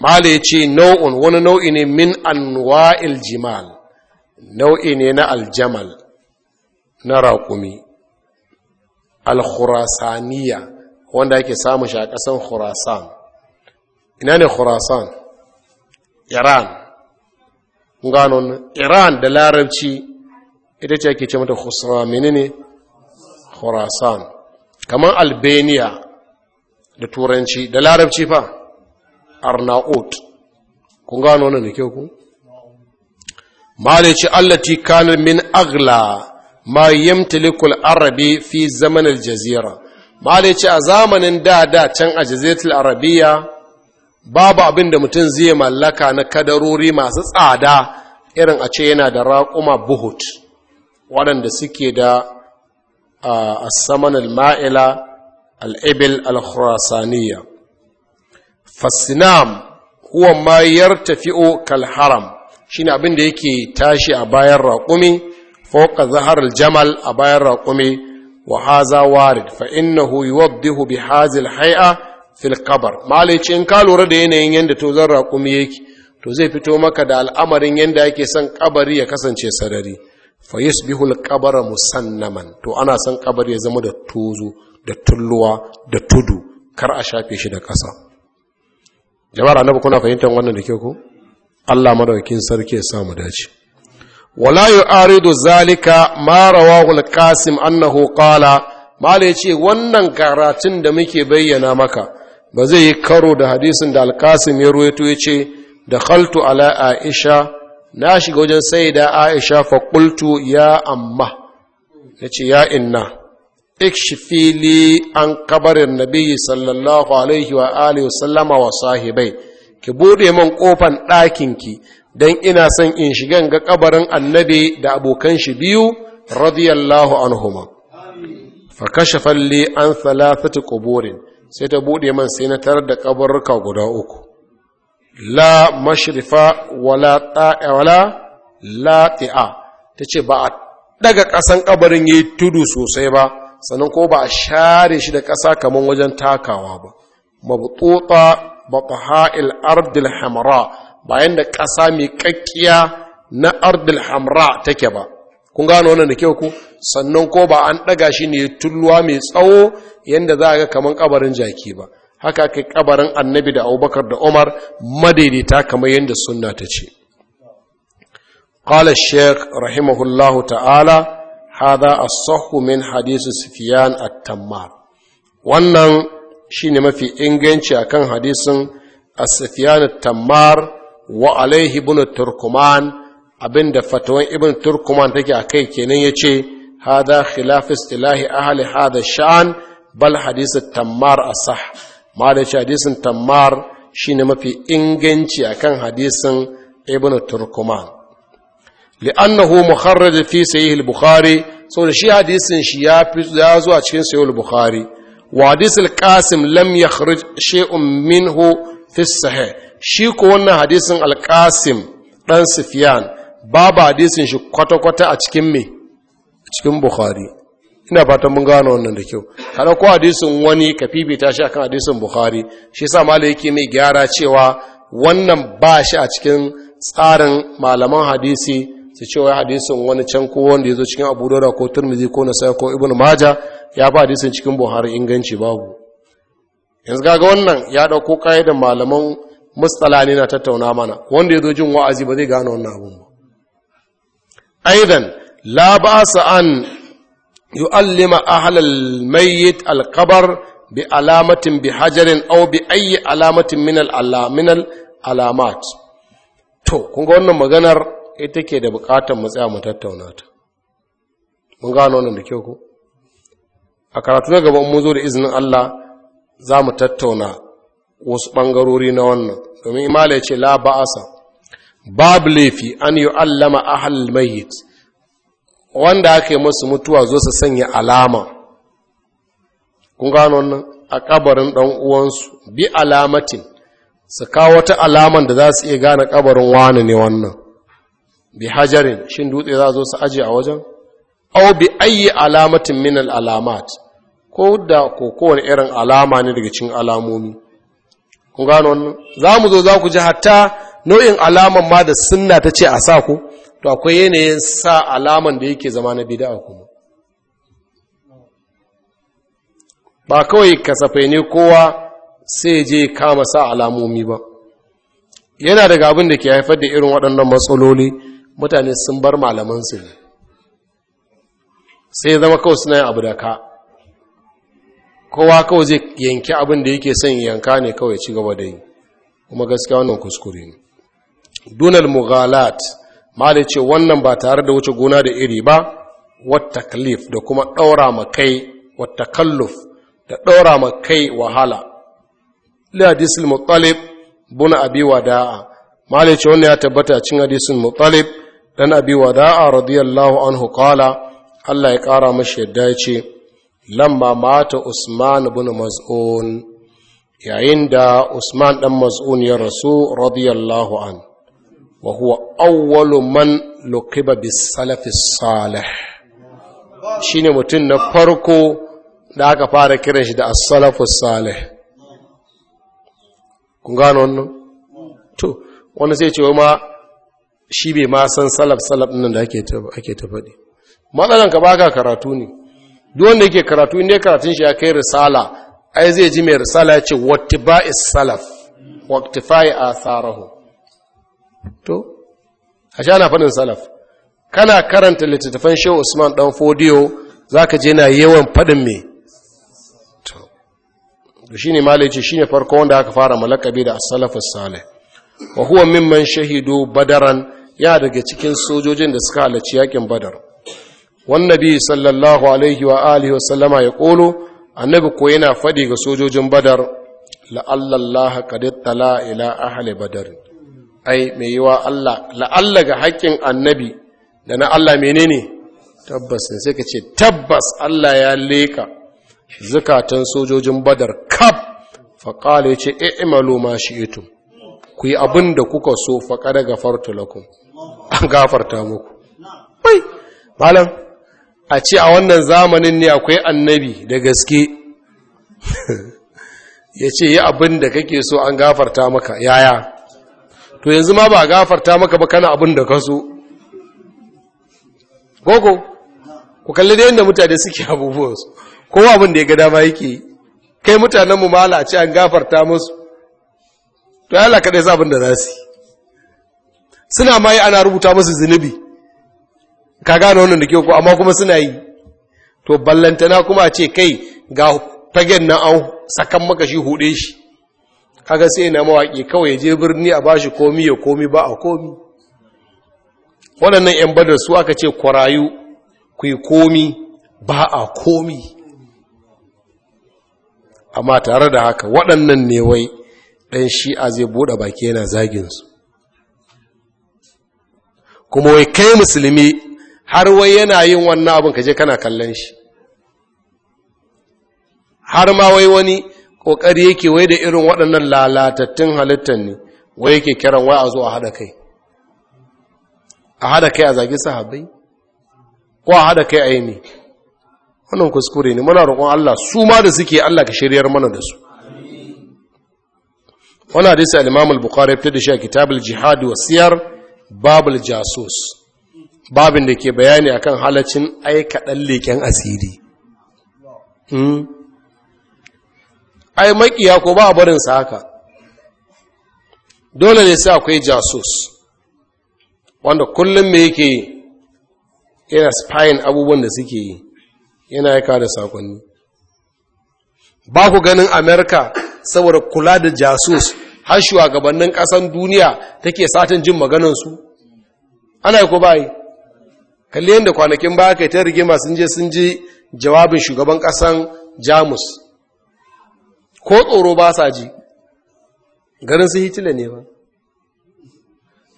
mala ce nau'un wani nau'i ne min anwa'il jamal nau'i ne na al aljamal na raƙumi al-khurasaniya wanda ake samu shi a ƙasan khurasan ina ne khurasan iran ganon iran da larabci ita ce ake ce mata khusramini ne khurasan kamar albania da turanci da larabci fa arnaut kun gano wannan da ke ku malici allati kanar min agla ma yamtaliku al-arabi fi zamanar al malai ce a zamanin da da can a jizetul arabiya babu abin da mutum zai mallaka na kadarori masu tsada irin a ce yana da raƙuma buhut waɗanda suke da saman al-ma'ila al-ibil al-khurasaniya fasinam huwa ma yartafi'u kal haram shine abin da yake tashi a bayan raƙumi fawqa zahar jamal a bayan raƙumi Wahaza haza warid fa innahu yuwaddihu bi hazil hay'a fil qabr malici in ka lura da yanayin yanda to zan raƙumi yake to zai fito maka da al'amarin yanda ake son kabari ya kasance sarari fa yasbihu al qabra musannaman to ana son kabari ya zama da tozo da tulluwa da tudu kar a shafe shi da ƙasa jama'ar annabi kuna fahimtar wannan da ke ku Allah madaukakin sarki ya samu dace ولا يعارض zalika ما رواه القاسم انه قال ما mala yace wannan karatun da muke bayyana maka ba zai yi karo da hadisin da al-qasim ya ruwaito yace da khaltu ala aisha na shiga wajen sayyida aisha fa qultu ya amma yace ya inna an kabarin nabiyyi sallallahu alaihi wa alihi wa sallama wa sahibai, ki bude min kofan ɗakinki don ina son in shigan ga kabarin annabi da abokan shi biyu radiyallahu anhuma fa kashe li an thalathati quburin sai ta bude man sai na tarar da kabarruka guda uku la mashrifa wala ta'a wala la ta tace ba a daga kasan kabarin yayi tudu sosai ba sannan ko ba a share shi da kasa kaman wajen takawa ba mabtuta ha'il ardil hamra bayan da ƙasa mai ƙaƙƙiya na ardil hamra take ba kun gano wannan da kyau ku sannan ko ba an ɗaga shi ne tulluwa mai tsawo yadda za a ga kamar ƙabarin jaki ba haka kai ƙabarin annabi da abubakar da umar madaidaita kamar yadda sunna ta ce قال الشيخ رحمه ta'ala haza a sahumin hadisi حديث سفيان tammar wannan shine mafi inganci akan hadisin as-Sufyan at-Tammar wa alaihi ibn turkuman abinda fatawan ibn turkuman take kai kenan yace hada khilaf istilahi ahli hada sha'an bal hadith tammar asah mala ce hadisin tammar shine mafi inganci akan hadisin ibn turkuman li'annahu mukharraj fi sahih al-bukhari saboda shi hadisin shi ya fi ya cikin sahih al-bukhari wa hadith kasim qasim lam yakhruj shay'un minhu fi sahih shi ko wannan hadisin alkasim ɗan sufiyan babu hadisin shi kwata-kwata a cikin me cikin bukhari ina fatan mun gano wannan da kyau kada ko hadisin wani ka fifita shi akan hadisin bukhari shi yasa malai yake mai gyara cewa wannan ba shi a cikin tsarin malaman hadisi su ce wa hadisin wani can ko wanda ya zo cikin abu dora ko turmizi ko nasa ko ibn maja ya ba hadisin cikin buhari inganci babu yanzu gaga wannan ya ɗauko da malaman mustala ne na tattauna mana wanda ya zo jin wa'azi ba zai gano wannan abun ba aidan la ba ba'sa an yu'allima ahlal mayyit alqabar bi alamatin bi hajarin aw bi ayyi alamatin min alaminal alamat to kun ga wannan maganar ita ke da bukatar mu mu tattauna ta mun gano wannan da kyau ko a karatu na gaba mu zo da izinin Allah za mu tattauna wasu ɓangarori na wannan domin imala ya ce la ba'asa babu laifi an yi allama ahal mayit wanda aka yi masu mutuwa zo su sanya alama kun gano nan a kabarin ɗan uwansu bi alamatin su kawo wata alaman da za su iya gane kabarin wani ne wannan bi hajarin shin dutse za zo su ajiye a wajen au bi ayi alamatin min alamat ko da ko kowane irin alama ne daga cikin alamomi kun gano wannan za mu zo za ku ji hatta nau'in alaman ma da sunna ta ce a sa ku to akwai yanayin sa alaman da yake zama na bid'a kuma ba kawai kasafai ne kowa sai je kama sa alamomi ba yana daga abin da ke haifar da irin waɗannan matsaloli mutane sun bar malamansu ne sai zama kawai suna yin abu da ka kowa kawai zai yanki abin da yake son yanka ne kawai ci gaba da yi kuma gaskiya wannan kuskure ne dunal mughalat mali ce wannan ba tare da wuce gona da iri ba wata taklif da kuma ɗaura ma kai wata kalluf da ɗaura ma kai wahala li hadisul muttalib bun abi wada'a mali ce wannan ya tabbata cin hadisul muttalib dan abi wada'a radiyallahu anhu qala Allah ya kara mashi yadda ya ce lamma mata usman bin maz'un yayin da usman dan maz'un ya rasu radiyallahu an wa huwa awwalu man luqiba bis salaf salih shine mutun na farko da aka fara kiran shi da as-salaf salih kun gano wannan to wanda sai ce ma shi bai ma san salaf salaf nan da ake ta faɗi matsalan ka baka karatu ne duk wanda yake karatu inda karatun shi ya kai risala ai zai ji mai risala ya ce wattiba'is salaf waqtifai atharahu to sha ana fadin salaf kana karanta littattafan Shehu Usman dan Fodiyo zaka je na yawan fadin me to shine malai ce shine farko wanda aka fara malakabi da as-salafus salih wa huwa mimman shahidu badaran ya daga cikin sojojin da suka halarci yakin badar wannabi sallallahu alaihi wa alihi wa sallama ya kolo, annabi ko yana faɗi ga sojojin badar la'allallaha qadittala ila ahli badar ai mai yiwa Allah la'alla ga haƙƙin annabi da na Allah menene tabbas sai ka ce tabbas Allah ya leka zukatan sojojin badar kab faƙala ya ce i'malu ma shi'tum ku yi abin da kuka so faƙada gafartu lakum an gafarta muku bai malam a ce a wannan zamanin ne akwai annabi da gaske [LAUGHS] ya ce yi abin da kake so an gafarta maka yaya to yanzu ma ba gafarta maka ba kana abin da ka so koko ku kalli da yadda mutane suke abubuwansu kowa abin da ya ga dama yake yi kai mutanenmu ma ala ce an gafarta musu to ya kaɗai za abin da za su yi suna ma yi ana rubuta musu zunubi ka gane wannan da ke ku amma kuma suna yi to ballantana kuma a ce kai ga fagen na an sakan maka shi hude shi kaga sai na mawaƙi kawai je birni a bashi komi ya komi ba a komi waɗannan 'yan badar su aka ce kwarayu ku yi komi ba a komi amma tare da haka waɗannan ne wai ɗan shi'a zai buɗe baki yana zaginsu kuma wai kai musulmi har wai yana yin wannan abin kaje kana kallon shi har ma wai wani kokari yake wai da irin waɗannan lalatattun halittar ne wai yake kiran wai a zo a haɗa kai a haɗa kai a zagi sahabbai ko a haɗa kai a yi ne wannan kuskure ne muna roƙon Allah su ma da suke Allah ka shiryar mana da su wannan hadisi al-Imam al-Bukhari ya fitar da shi a kitabul al-Jihad wa Siyar Babul Jasus babin da ke bayani akan halacin aika leken asiri hmm? ai makiya ko ba a barinsa haka dole ne sai akwai jasus wanda kullum me yake yi yana spying abubuwan da suke yi yana aika da sakonni ba ku ganin amerika saboda kula da jasus har shugabannin ƙasan duniya take satin jin maganansu ana yi ko yi. kalli yadda kwanakin ba kai ta rigima sun je sun ji jawabin shugaban ƙasan jamus ko tsoro ba sa ji garin su hitila ne ba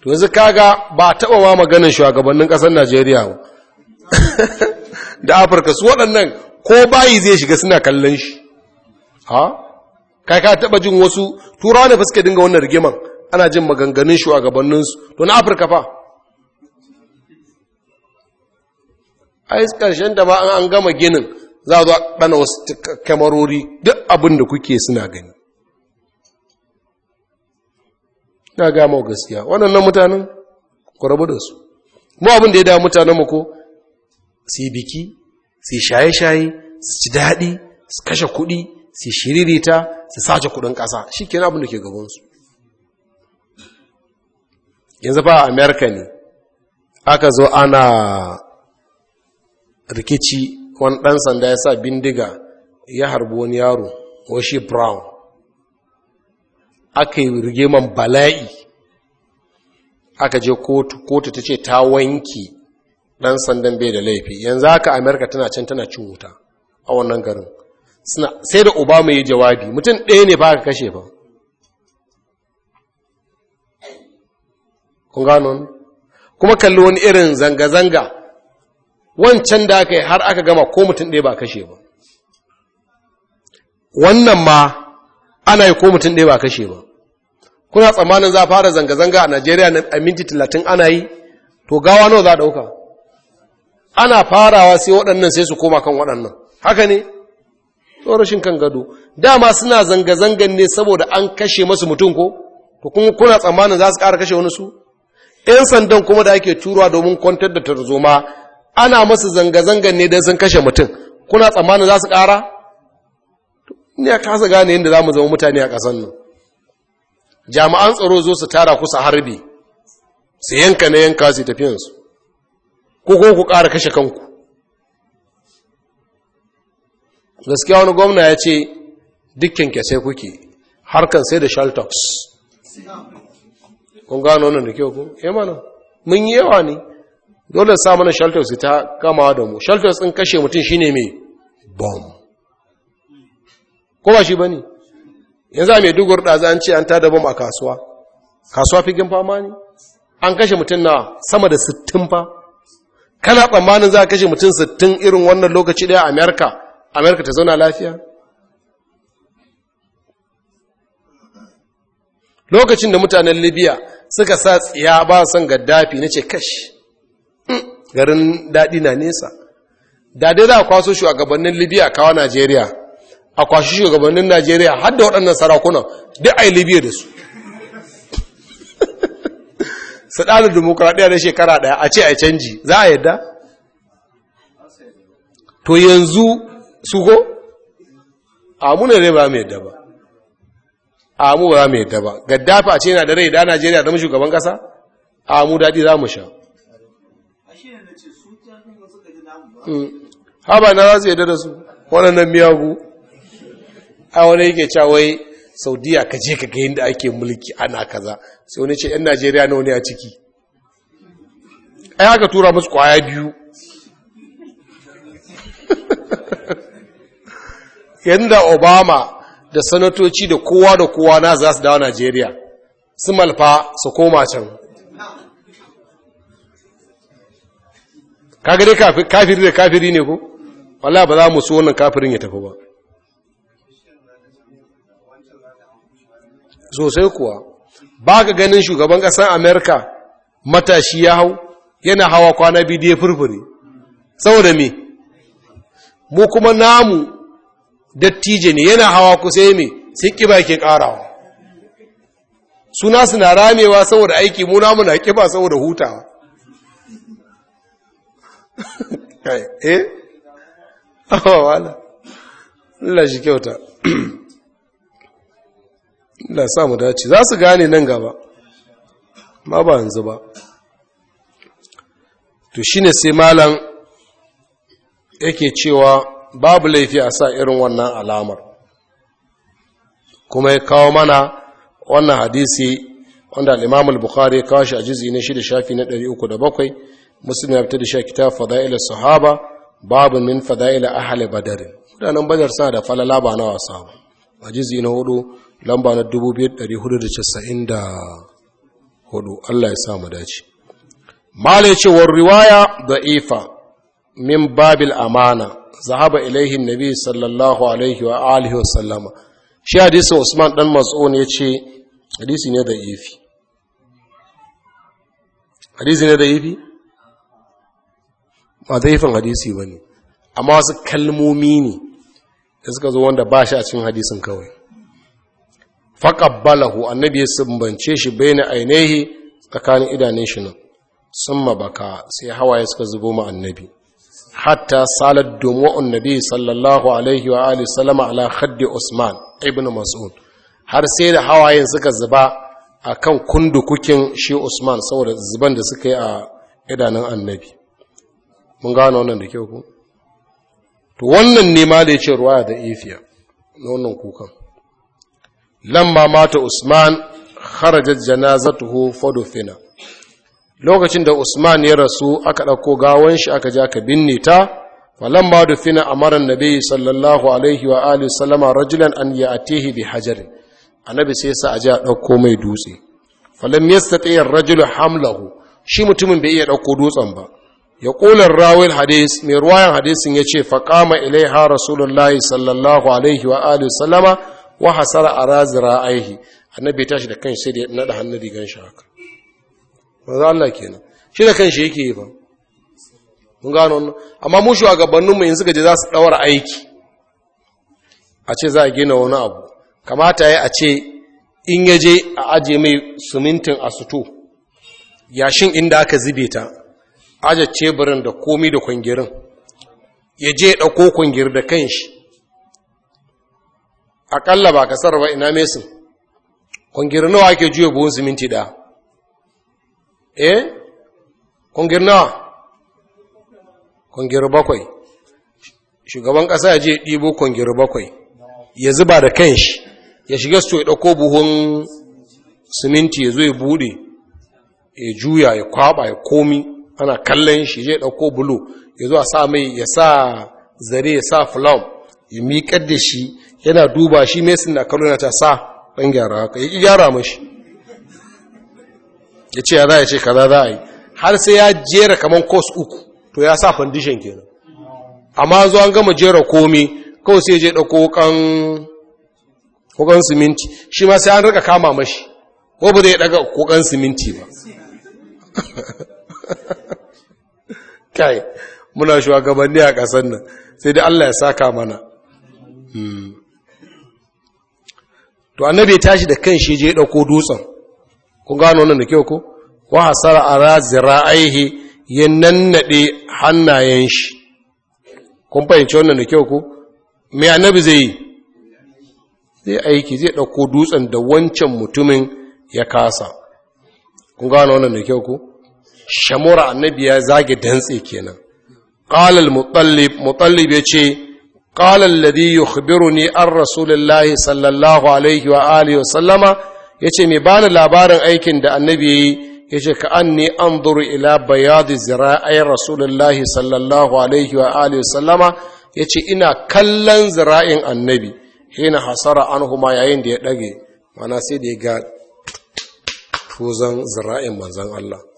to yanzu kaga ba taɓa wa maganin shugabannin ƙasan najeriya ba [LAUGHS] da afirka su waɗannan ko bayi zai shiga suna kallon shi ha kai ka taɓa jin wasu turawa ne fuska dinga wannan rigiman ana jin maganganun shugabanninsu to na afirka fa yi karshen da ma an gama ginin za a zo a ɗana wasu kamarori duk abin da kuke suna gani na gama gaskiya waɗannan mutanen ku rabu da su mu abin da ya dawo mutanen mu ko su yi biki su yi shaye-shaye su ci daɗi su kashe kuɗi su shiririta su sace kuɗin ƙasa shi ke abin da ke gabansu yanzu fa a amerika ne aka zo ana rikici wani ɗan sanda ya sa bindiga ya harbi wani yaro washi brown aka yi rigeman bala'i aka je kotu kotu ta ce ta wanki ɗan sandan bai da laifi yanzu aka amerika tana can tana cin wuta a wannan garin sai da obama ya jawabi mutum ɗaya ne ba ka kashe ba kuma kalli wani irin zanga-zanga wancan da aka yi har aka gama ko mutum ɗaya ba kashe ba wannan ma ana yi ko mutum ɗaya ba kashe ba kuna tsammanin za fara zanga-zanga a najeriya na minti talatin ana yi to gawa nawa za ɗauka ana farawa sai waɗannan sai su koma kan waɗannan haka ne tsorashin kan gado dama suna zanga-zangan ne saboda an kashe masu mutum ko to kuma kuna tsammanin za su ƙara kashe wani su 'yan sandan kuma da ake turuwa domin kwantar da tarzoma ana masu zanga-zangan ne don sun kashe mutum kuna tsammanin za su ƙara? ne ya kasa gane yadda za mu zama mutane a kasan nan jami'an tsaro zo su tara kusa harbi su yanka na yanka su tafiyansu ko ko ku ƙara kashe kanku gaskiya wani gwamna ya ce dukkan kyasai kuke harkan sai da shaltox kun gano nan da kyau ku? ya eh mana mun yi yawa ne dole sa mana shelters ta kama da mu shelters din kashe mutum shine mai bomb ko ba shi bane yanzu mai dugur da an ce an tada bomb a kasuwa kasuwa fi gimfa fama ne an kashe mutum na sama da 60 fa kana tsammanin za a kashe mutum 60 irin wannan lokaci daya a America America ta zauna lafiya lokacin da mutanen Libya suka sa tsiya ba son gaddafi nace kashi garin daɗi na nesa daɗe za a kwaso shugabannin libya kawo najeriya a kwashi shugabannin najeriya har da waɗannan sarakunan duk a yi libya da su [LAUGHS] su ɗalar demokuraɗiyya da shekara ɗaya a ce a canji za a yadda to yanzu su ko amuna ne ba mai yadda ba amu ba mai yadda ba gaddafa a ce yana da rai da najeriya zama shugaban ƙasa amu daɗi za mu sha Mm. haba na za su yadda da su waɗannan miyagu a wani yake cawai saudiya ka je ka ga yadda ake mulki ana kaza sai wani ce 'yan najeriya na wani a ciki ai haka tura musu kwaya biyu [LAUGHS] yadda obama da sanatoci da kowa da kowa na za su dawo najeriya su malfa su koma can kaga dai kafiri da kafiri ne ko wallahi ba za mu so wannan kafirin ya tafi ba sosai kuwa ba ka ganin shugaban kasar amerika matashi ya hau yana hawa kwana biyu da furfure saboda me mu kuma namu dattije ne yana hawa kusa ya me sai kiba ke ƙarawa suna suna ramewa saboda aiki mu namu na kiba saboda hutawa kai eh awa wala Allah shi kyauta Allah sa mu dace za su gane nan gaba ma ba yanzu ba to shine sai malam yake cewa babu laifi a sa irin wannan alamar kuma ya kawo mana wannan hadisi wanda al bukhari ya kawo shi a jizi na da shafi na 307 muslim ya fita da shi kitab fadail sahaba babu min fadail ahli badar mutanen badar suna da falala ba na wasa ba jizi na hudu lamba na 2494 Allah ya sa mu dace malai cewar riwaya da ifa min babil amana zahaba ilaihi nabi sallallahu alaihi wa alihi wa sallama shi hadisi usman dan mas'un yace hadisi ne da ifi hadisi ne da ifi ba zaifin hadisi ba ne amma wasu kalmomi ne da suka zo wanda ba shi a cikin hadisin kawai balahu annabi ya sumbance shi bai na ainihi tsakanin idanun shi nan sun mabaka sai hawaye suka zubo ma annabi hatta salar domin nabi sallallahu alaihi wa alihi salama ala haddi usman ibn mas'ud har sai da hawayen suka zuba a kan kundukukin shi usman saboda zuban da suka yi a idanun annabi mun gano wannan da kyau ku to wannan ne ma da yace ruwaya da ifiya na wannan kukan lamma mata usman kharajat janazatuhu fadufina lokacin da usman ya rasu aka dauko gawan shi aka ja ka binne ta Fa falamma dufina amara annabi sallallahu alaihi wa alihi sallama rajulan an ya'tihi bi hajarin annabi sai sa aje a dauko mai dutse lam yastati ar-rajulu hamlahu shi mutumin bai iya dauko dutsen ba ya ƙular rawin hadis mai ruwayan hadisin ya ce faƙama ilaiha rasulullahi sallallahu alaihi wa alihi sallama wa hasara a razira aihi annabi tashi da kan sai da naɗa hannun rigan shi haka maza Allah kenan shi da kan shi yake yi ba mun gano wannan amma mu shugabanninmu yanzu gaje za su ɗaura aiki a ce za a gina wani abu kamata ya a ce in ya je a aje mai sumintin a suto yashin inda aka zube ta aje ceburin da komi da kwangirin ya je ɗauko kwangir da kan shi aƙalla ba kasar ba ina mesin kwangir nawa ake juya buhun siminti da eh kwangir nawa kwangir bakwai shugaban ƙasa ya je ɗibo kwangir bakwai ya zuba da kan shi ya shiga su ya ɗauko buhun siminti ya zo ya buɗe ya juya ya kwaba ya komi ana kallon shi je ɗauko bulu ya zuwa a sa mai ya sa zare ya sa flam ya miƙar da shi yana duba shi mesin na kallon ta sa ɗan gyara haka ya ƙi gyara mashi ya ce ya za a ce kaza za a yi har sai ya jera kamar kos uku to ya sa fandishin kenan amma zuwa an gama jera komi kawai sai je ɗauko kokan siminti shi ma sai an rika kama mashi ko ba zai ɗaga kokan siminti ba [LAUGHS] kai muna shugabanni a ƙasar nan sai dai Allah ya saka mana hmm. to annabi ya tashi da kan shi je dauko dutsen kun gano nan da kyau ko wa hasara ara zira'aihi ya nannade hannayen shi kun fahimci wannan da kyau ko me annabi zai yi zai aiki zai dauko dutsen da wancan mutumin ya kasa kun gano wannan da kyau ko shamura annabi ya zage dantse kenan qala al-mutallib mutallib yace qala alladhi yukhbiruni an rasulillahi sallallahu alaihi wa alihi wa sallama yace me bani labarin aikin da annabi yayi yace ka anni anzuru ila bayadi zira'i rasulillahi sallallahu alaihi wa alihi wa sallama yace ina kallon zira'in annabi hina hasara anhuma yayin da ya dage mana sai da ya ga tuzan zira'in manzon Allah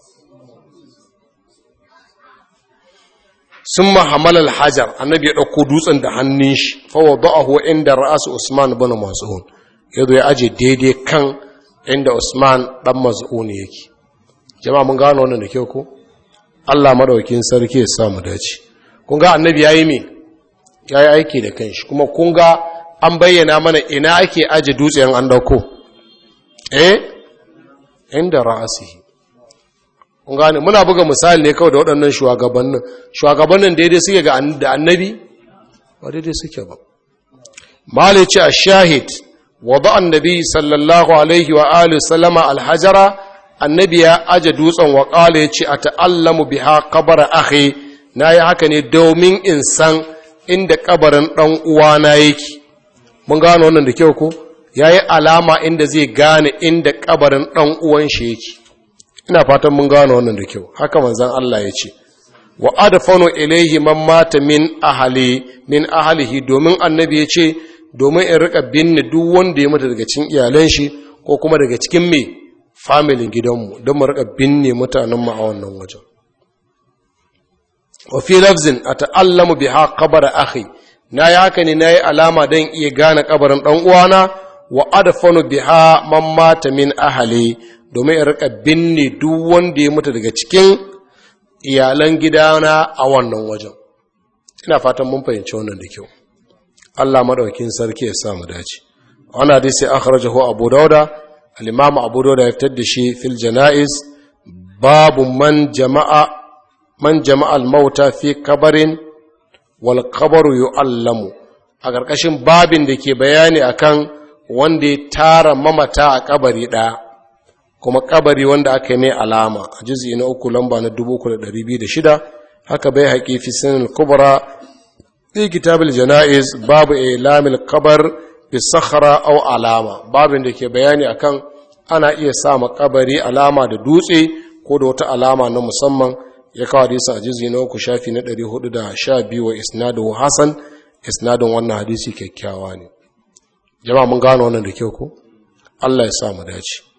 sun mahamman alhajar annabi ya ɗauko dutsen da hannun shi fawa ba a inda ra'asu usman bin mas'ud ya zo ya aje daidai kan inda usman ɗan mas'ud yake jama'a mun gano wannan da kyau ko allah maɗaukin sarki ya samu dace kun ga annabi ya yi me ya aiki da kanshi kuma kun ga an bayyana mana ina ake aje dutsen an ɗauko eh inda ra'asihi gane muna buga misali ne kawai da waɗannan shugabannin shugabannin daidai suke ga annabi ba daidai suke ba malai ce a shahid ba annabi sallallahu alaihi wa alihi sallama alhajara annabi ya aje dutsen wa qala yace ata'allamu biha ahe, na yi haka ne domin in san inda kabarin uwa uwana yake mun gane wannan da kyau ko yi alama inda zai gane inda kabarin ɗan uwan shi yake ina fatan mun gano wannan da kyau haka manzon Allah ya ce wa adfanu ilaihi man mata min ahli min ahlihi domin annabi ya ce domin in rika binne duk wanda ya mutu daga cikin iyalan shi ko kuma daga cikin me familin gidanmu don mu rika binne mutanen mu a wannan wajen wa fi lafzin ata'allamu biha qabr akhi na yi haka ne na yi alama don iya gane kabarin ɗan uwana wa adfanu biha man mata min ahali domin ya rika binne duk wanda ya mutu daga cikin iyalan gidana a wannan wajen ina fatan mun fahimci wannan da kyau Allah madaukakin sarki ya sa dace wannan hadisi akhrajahu Abu Dawud al-Imam Abu Dawud ya fitar da shi fil janaiz babu man jama'a man jama'a al-mauta fi kabarin wal qabr yu'allamu a ƙarƙashin babin da ke bayani akan wanda ya tara mamata a kabari ɗaya kuma kabari wanda aka yi mai alama a jizi na uku lamba na 3,206 haka bai haƙi fi sinin kubra fi kitabil jana'iz babu lamil kabar fi sahara au alama babin da ke bayani akan ana iya sa makabari alama da dutse ko da wata alama na musamman ya kawo hadisi a jizi na uku shafi na 412 wa isnadu Hassan isnadun wannan hadisi kyakkyawa ne jama'a mun gano wannan da kyau ku Allah ya sa mu dace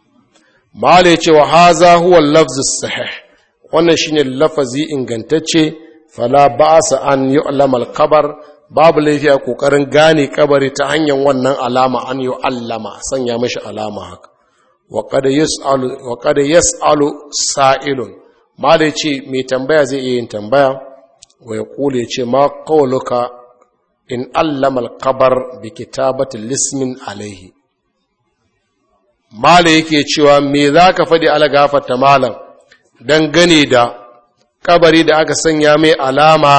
mala ya ce wa haza huwa lafzus sahih wannan shine lafazi ingantacce fala ba'sa an yu'lam al-qabr babu laifi a kokarin gane kabari ta hanyar wannan alama an yu'allama sanya mashi alama haka wa qad yas'alu wa qad yas'alu sa'ilun mala ya ce mai tambaya zai iya yin tambaya wa yaqulu ya ce ma qawluka in allama al-qabr bi kitabati lismin alaihi mala yake cewa me za ka faɗi ta malam don gane da kabari da aka sanya mai alama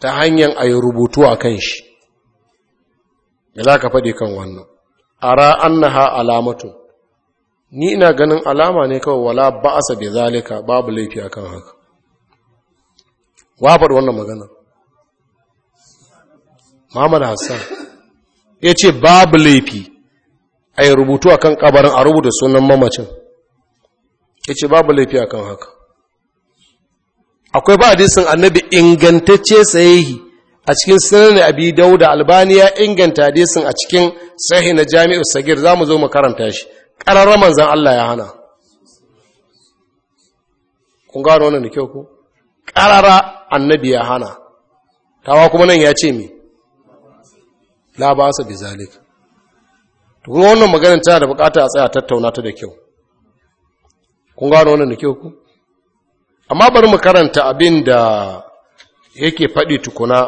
ta hanyar a yi rubutu a kan shi Me za ka faɗi kan wannan ara annaha alamatu ni ina ganin alama ne kawai wala ba'asa bi zalika babu laifi akan haka wa wannan magana mamar Hassan ya ce babu laifi a yi rubutu a kan kabarin a rubuta sunan mamacin ya ce babu laifi a kan haka akwai ba hadisin annabi ingantacce sayayi a cikin sunan abi dauda albaniya inganta hadisin a cikin sahi na jami'u sagir za mu zo mu karanta shi ƙararra manzan Allah ya hana kun gano wannan da kyau ku ƙararra annabi ya hana tawa kuma nan ya ce mi la ba su bi to wannan maganar tana da bukata a tsaya tattauna ta da kyau kun gano wannan da kyau ku amma bari mu karanta abin da yake faɗi tukuna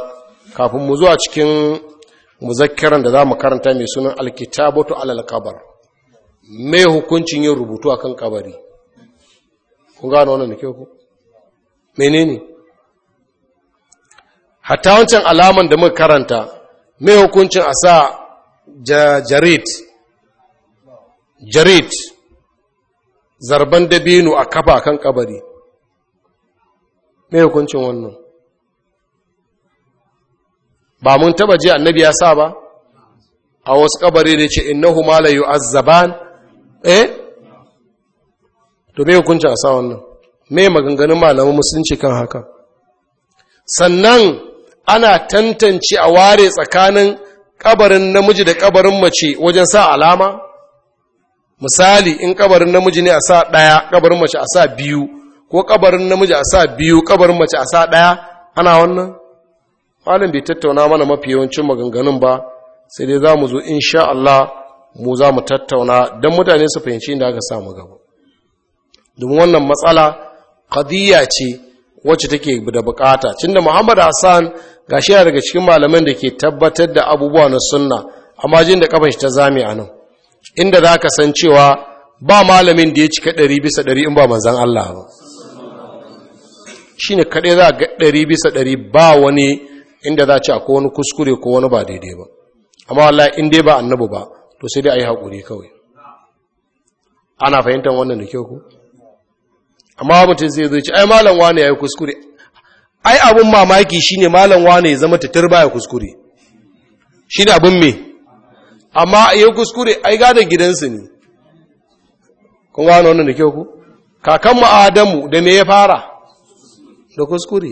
kafin mu zuwa cikin muzakkiran da za mu karanta mai sunan alkitabatu alal kabar mai hukuncin yin rubutu akan kabari kun gano wannan da kyau ku menene hatta wancan alaman da muka karanta mai hukuncin a sa jarit jarit zarban dabino a kafa kan kabari mai hukuncin wannan ba mun taba ji annabi ya sa ba a wasu kabari ne ce innahu malayu' la yu'azzaban eh to me hukuncin a sa wannan me maganganun malaman musulunci kan haka sannan ana tantance a ware tsakanin kabarin namiji da kabarin mace wajen sa alama misali in kabarin namiji ne a sa ɗaya kabarin mace a sa biyu ko kabarin namiji a sa biyu kabarin mace a sa ɗaya ana wannan malam bai tattauna mana mafi yawancin maganganun ba sai dai za mu zo insha Allah mu za mu tattauna don mutane su fahimci inda aka samu gaba domin wannan matsala kadiyya ce wacce take da bukata cinda muhammad hassan gashi yana daga cikin malaman da ke tabbatar da abubuwa na sunna amma jin da kafin shi ta zame a nan inda za ka san cewa ba malamin da ya cika ɗari bisa ɗari in ba manzan Allah ba shi ne kaɗai za ga ɗari bisa ɗari ba wani inda za ci akwai wani kuskure ko wani ba daidai ba amma Allah in dai ba annabu ba to sai dai a yi haƙuri kawai ana fahimtar wannan da kyau ku amma mutum zai zai ci ai malam wane ya yi kuskure ai abin mamaki ne malam wane ya zama tattar baya kuskure shi ne abin me amma a yi kuskure ai gadon gidansu ne kun gano wannan da kyau ku kakanmu adamu da me ya fara da kuskure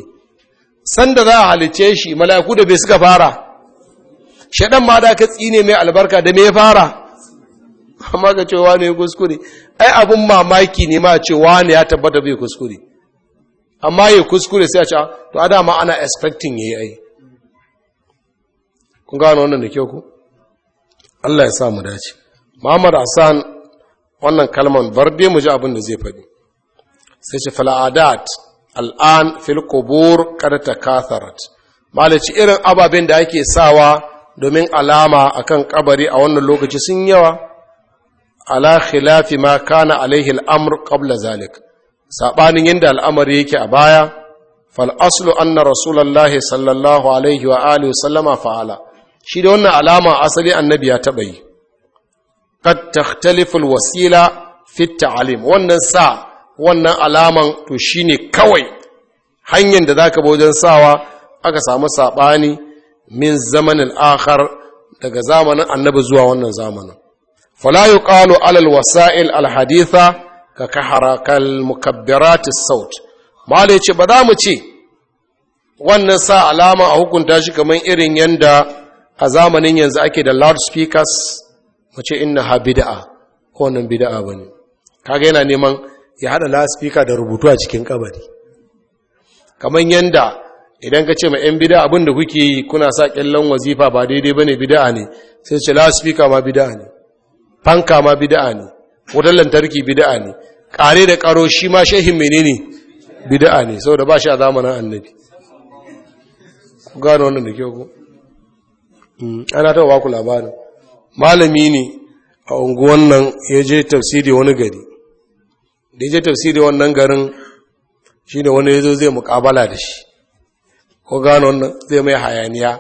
sanda za a halice shi mala'iku da bai suka fara shaɗan ma da ka tsine mai albarka da me ya fara amma ka cewa ne kuskure ai abin mamaki ne ma cewa ne ya tabbata bai kuskure amma ya kuskure sai a ce ah, to adama ana expecting yayi ai kun gano wannan da kyau ku Allah ya sa mu dace Muhammad Hassan wannan kalman bar dai mu ji abin da zai faɗi sai ce fal'adat al'an fil qubur kad takatharat malaci irin ababen da ake sawa domin alama akan kabari a wannan lokaci sun yawa ala khilafi ma kana alaihi al'amr qabla zalik sabanin yadda al'amari yake a baya fal aslu anna rasulullahi sallallahu alaihi wa alihi sallama fa'ala shi da wannan alama asali annabi ya taɓa yi kad takhtaliful wasila fit ta'alim wannan sa wannan alaman to shine kawai hanyar da zaka bi wajen sawa aka samu sabani min zamanin akhar daga zamanin annabi zuwa wannan zamanin fala yuqalu ala alwasail alhaditha ka kaharakal mukabbirat as-saut mala yace ba za mu ce wannan sa alama a hukunta shi kamar irin yanda a zamanin yanzu ake da loudspeakers mace inna ha bida'a ko wannan ba bane kaga yana neman ya hada loudspeaker da rubutu a cikin kabari kamar yadda idan ka ce ma yan bida'a abin da kuke yi kuna sa kyallon wazifa ba daidai bane bida'a ne sai ce loudspeaker ma bida'a ne fanka ma bida'a ne wutar lantarki bida'a ne kare da karo shi ma shehin menene bida'a ne saboda ba shi a zamanin annabi gano wannan da kyau ana taɓa waku labarin malami ne a unguwan nan ya je tafsiri wani gari da ya je tafsiri wannan garin shi ne wani ya zo zai mukabala da shi ko gano wannan zai mai hayaniya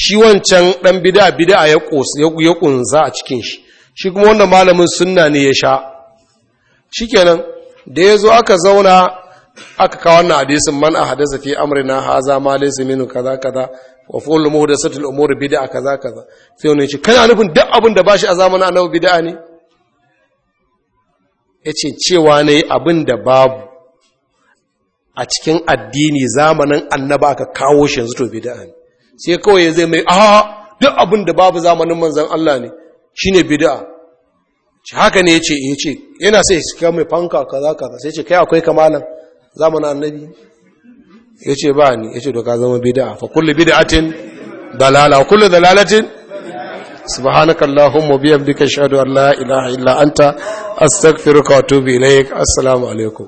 shi wancan dan bida bida ya ƙunsa a cikin shi shi kuma wannan malamin sunna ne ya sha shi kenan da ya zo aka zauna aka kawo wannan hadisin man a hadasa fi amrina haza ma laysa kaza kaza wa da muhdathatil umuri bid'a kaza kaza sai wani ce kana nufin duk abin da bashi a zamanin annabi bid'a ne yace cewa ne abin da babu a cikin addini zamanin annaba aka kawo shi yanzu to bid'a ne sai kawai zai mai a duk abin da babu zamanin manzon Allah ne shine bid'a shi haka ne yace yace yana sai ya mai fanka kaza kaza sai yace kai akwai kamalan zamanin annabi ya ce ba ni ya ce doka zama bida'a fa kulli bida'atin dalala kulli dalalatin subhanaka allahumma biyamdika ashhadu an la ilaha illa anta astaghfiruka wa atubu ilayk assalamu alaikum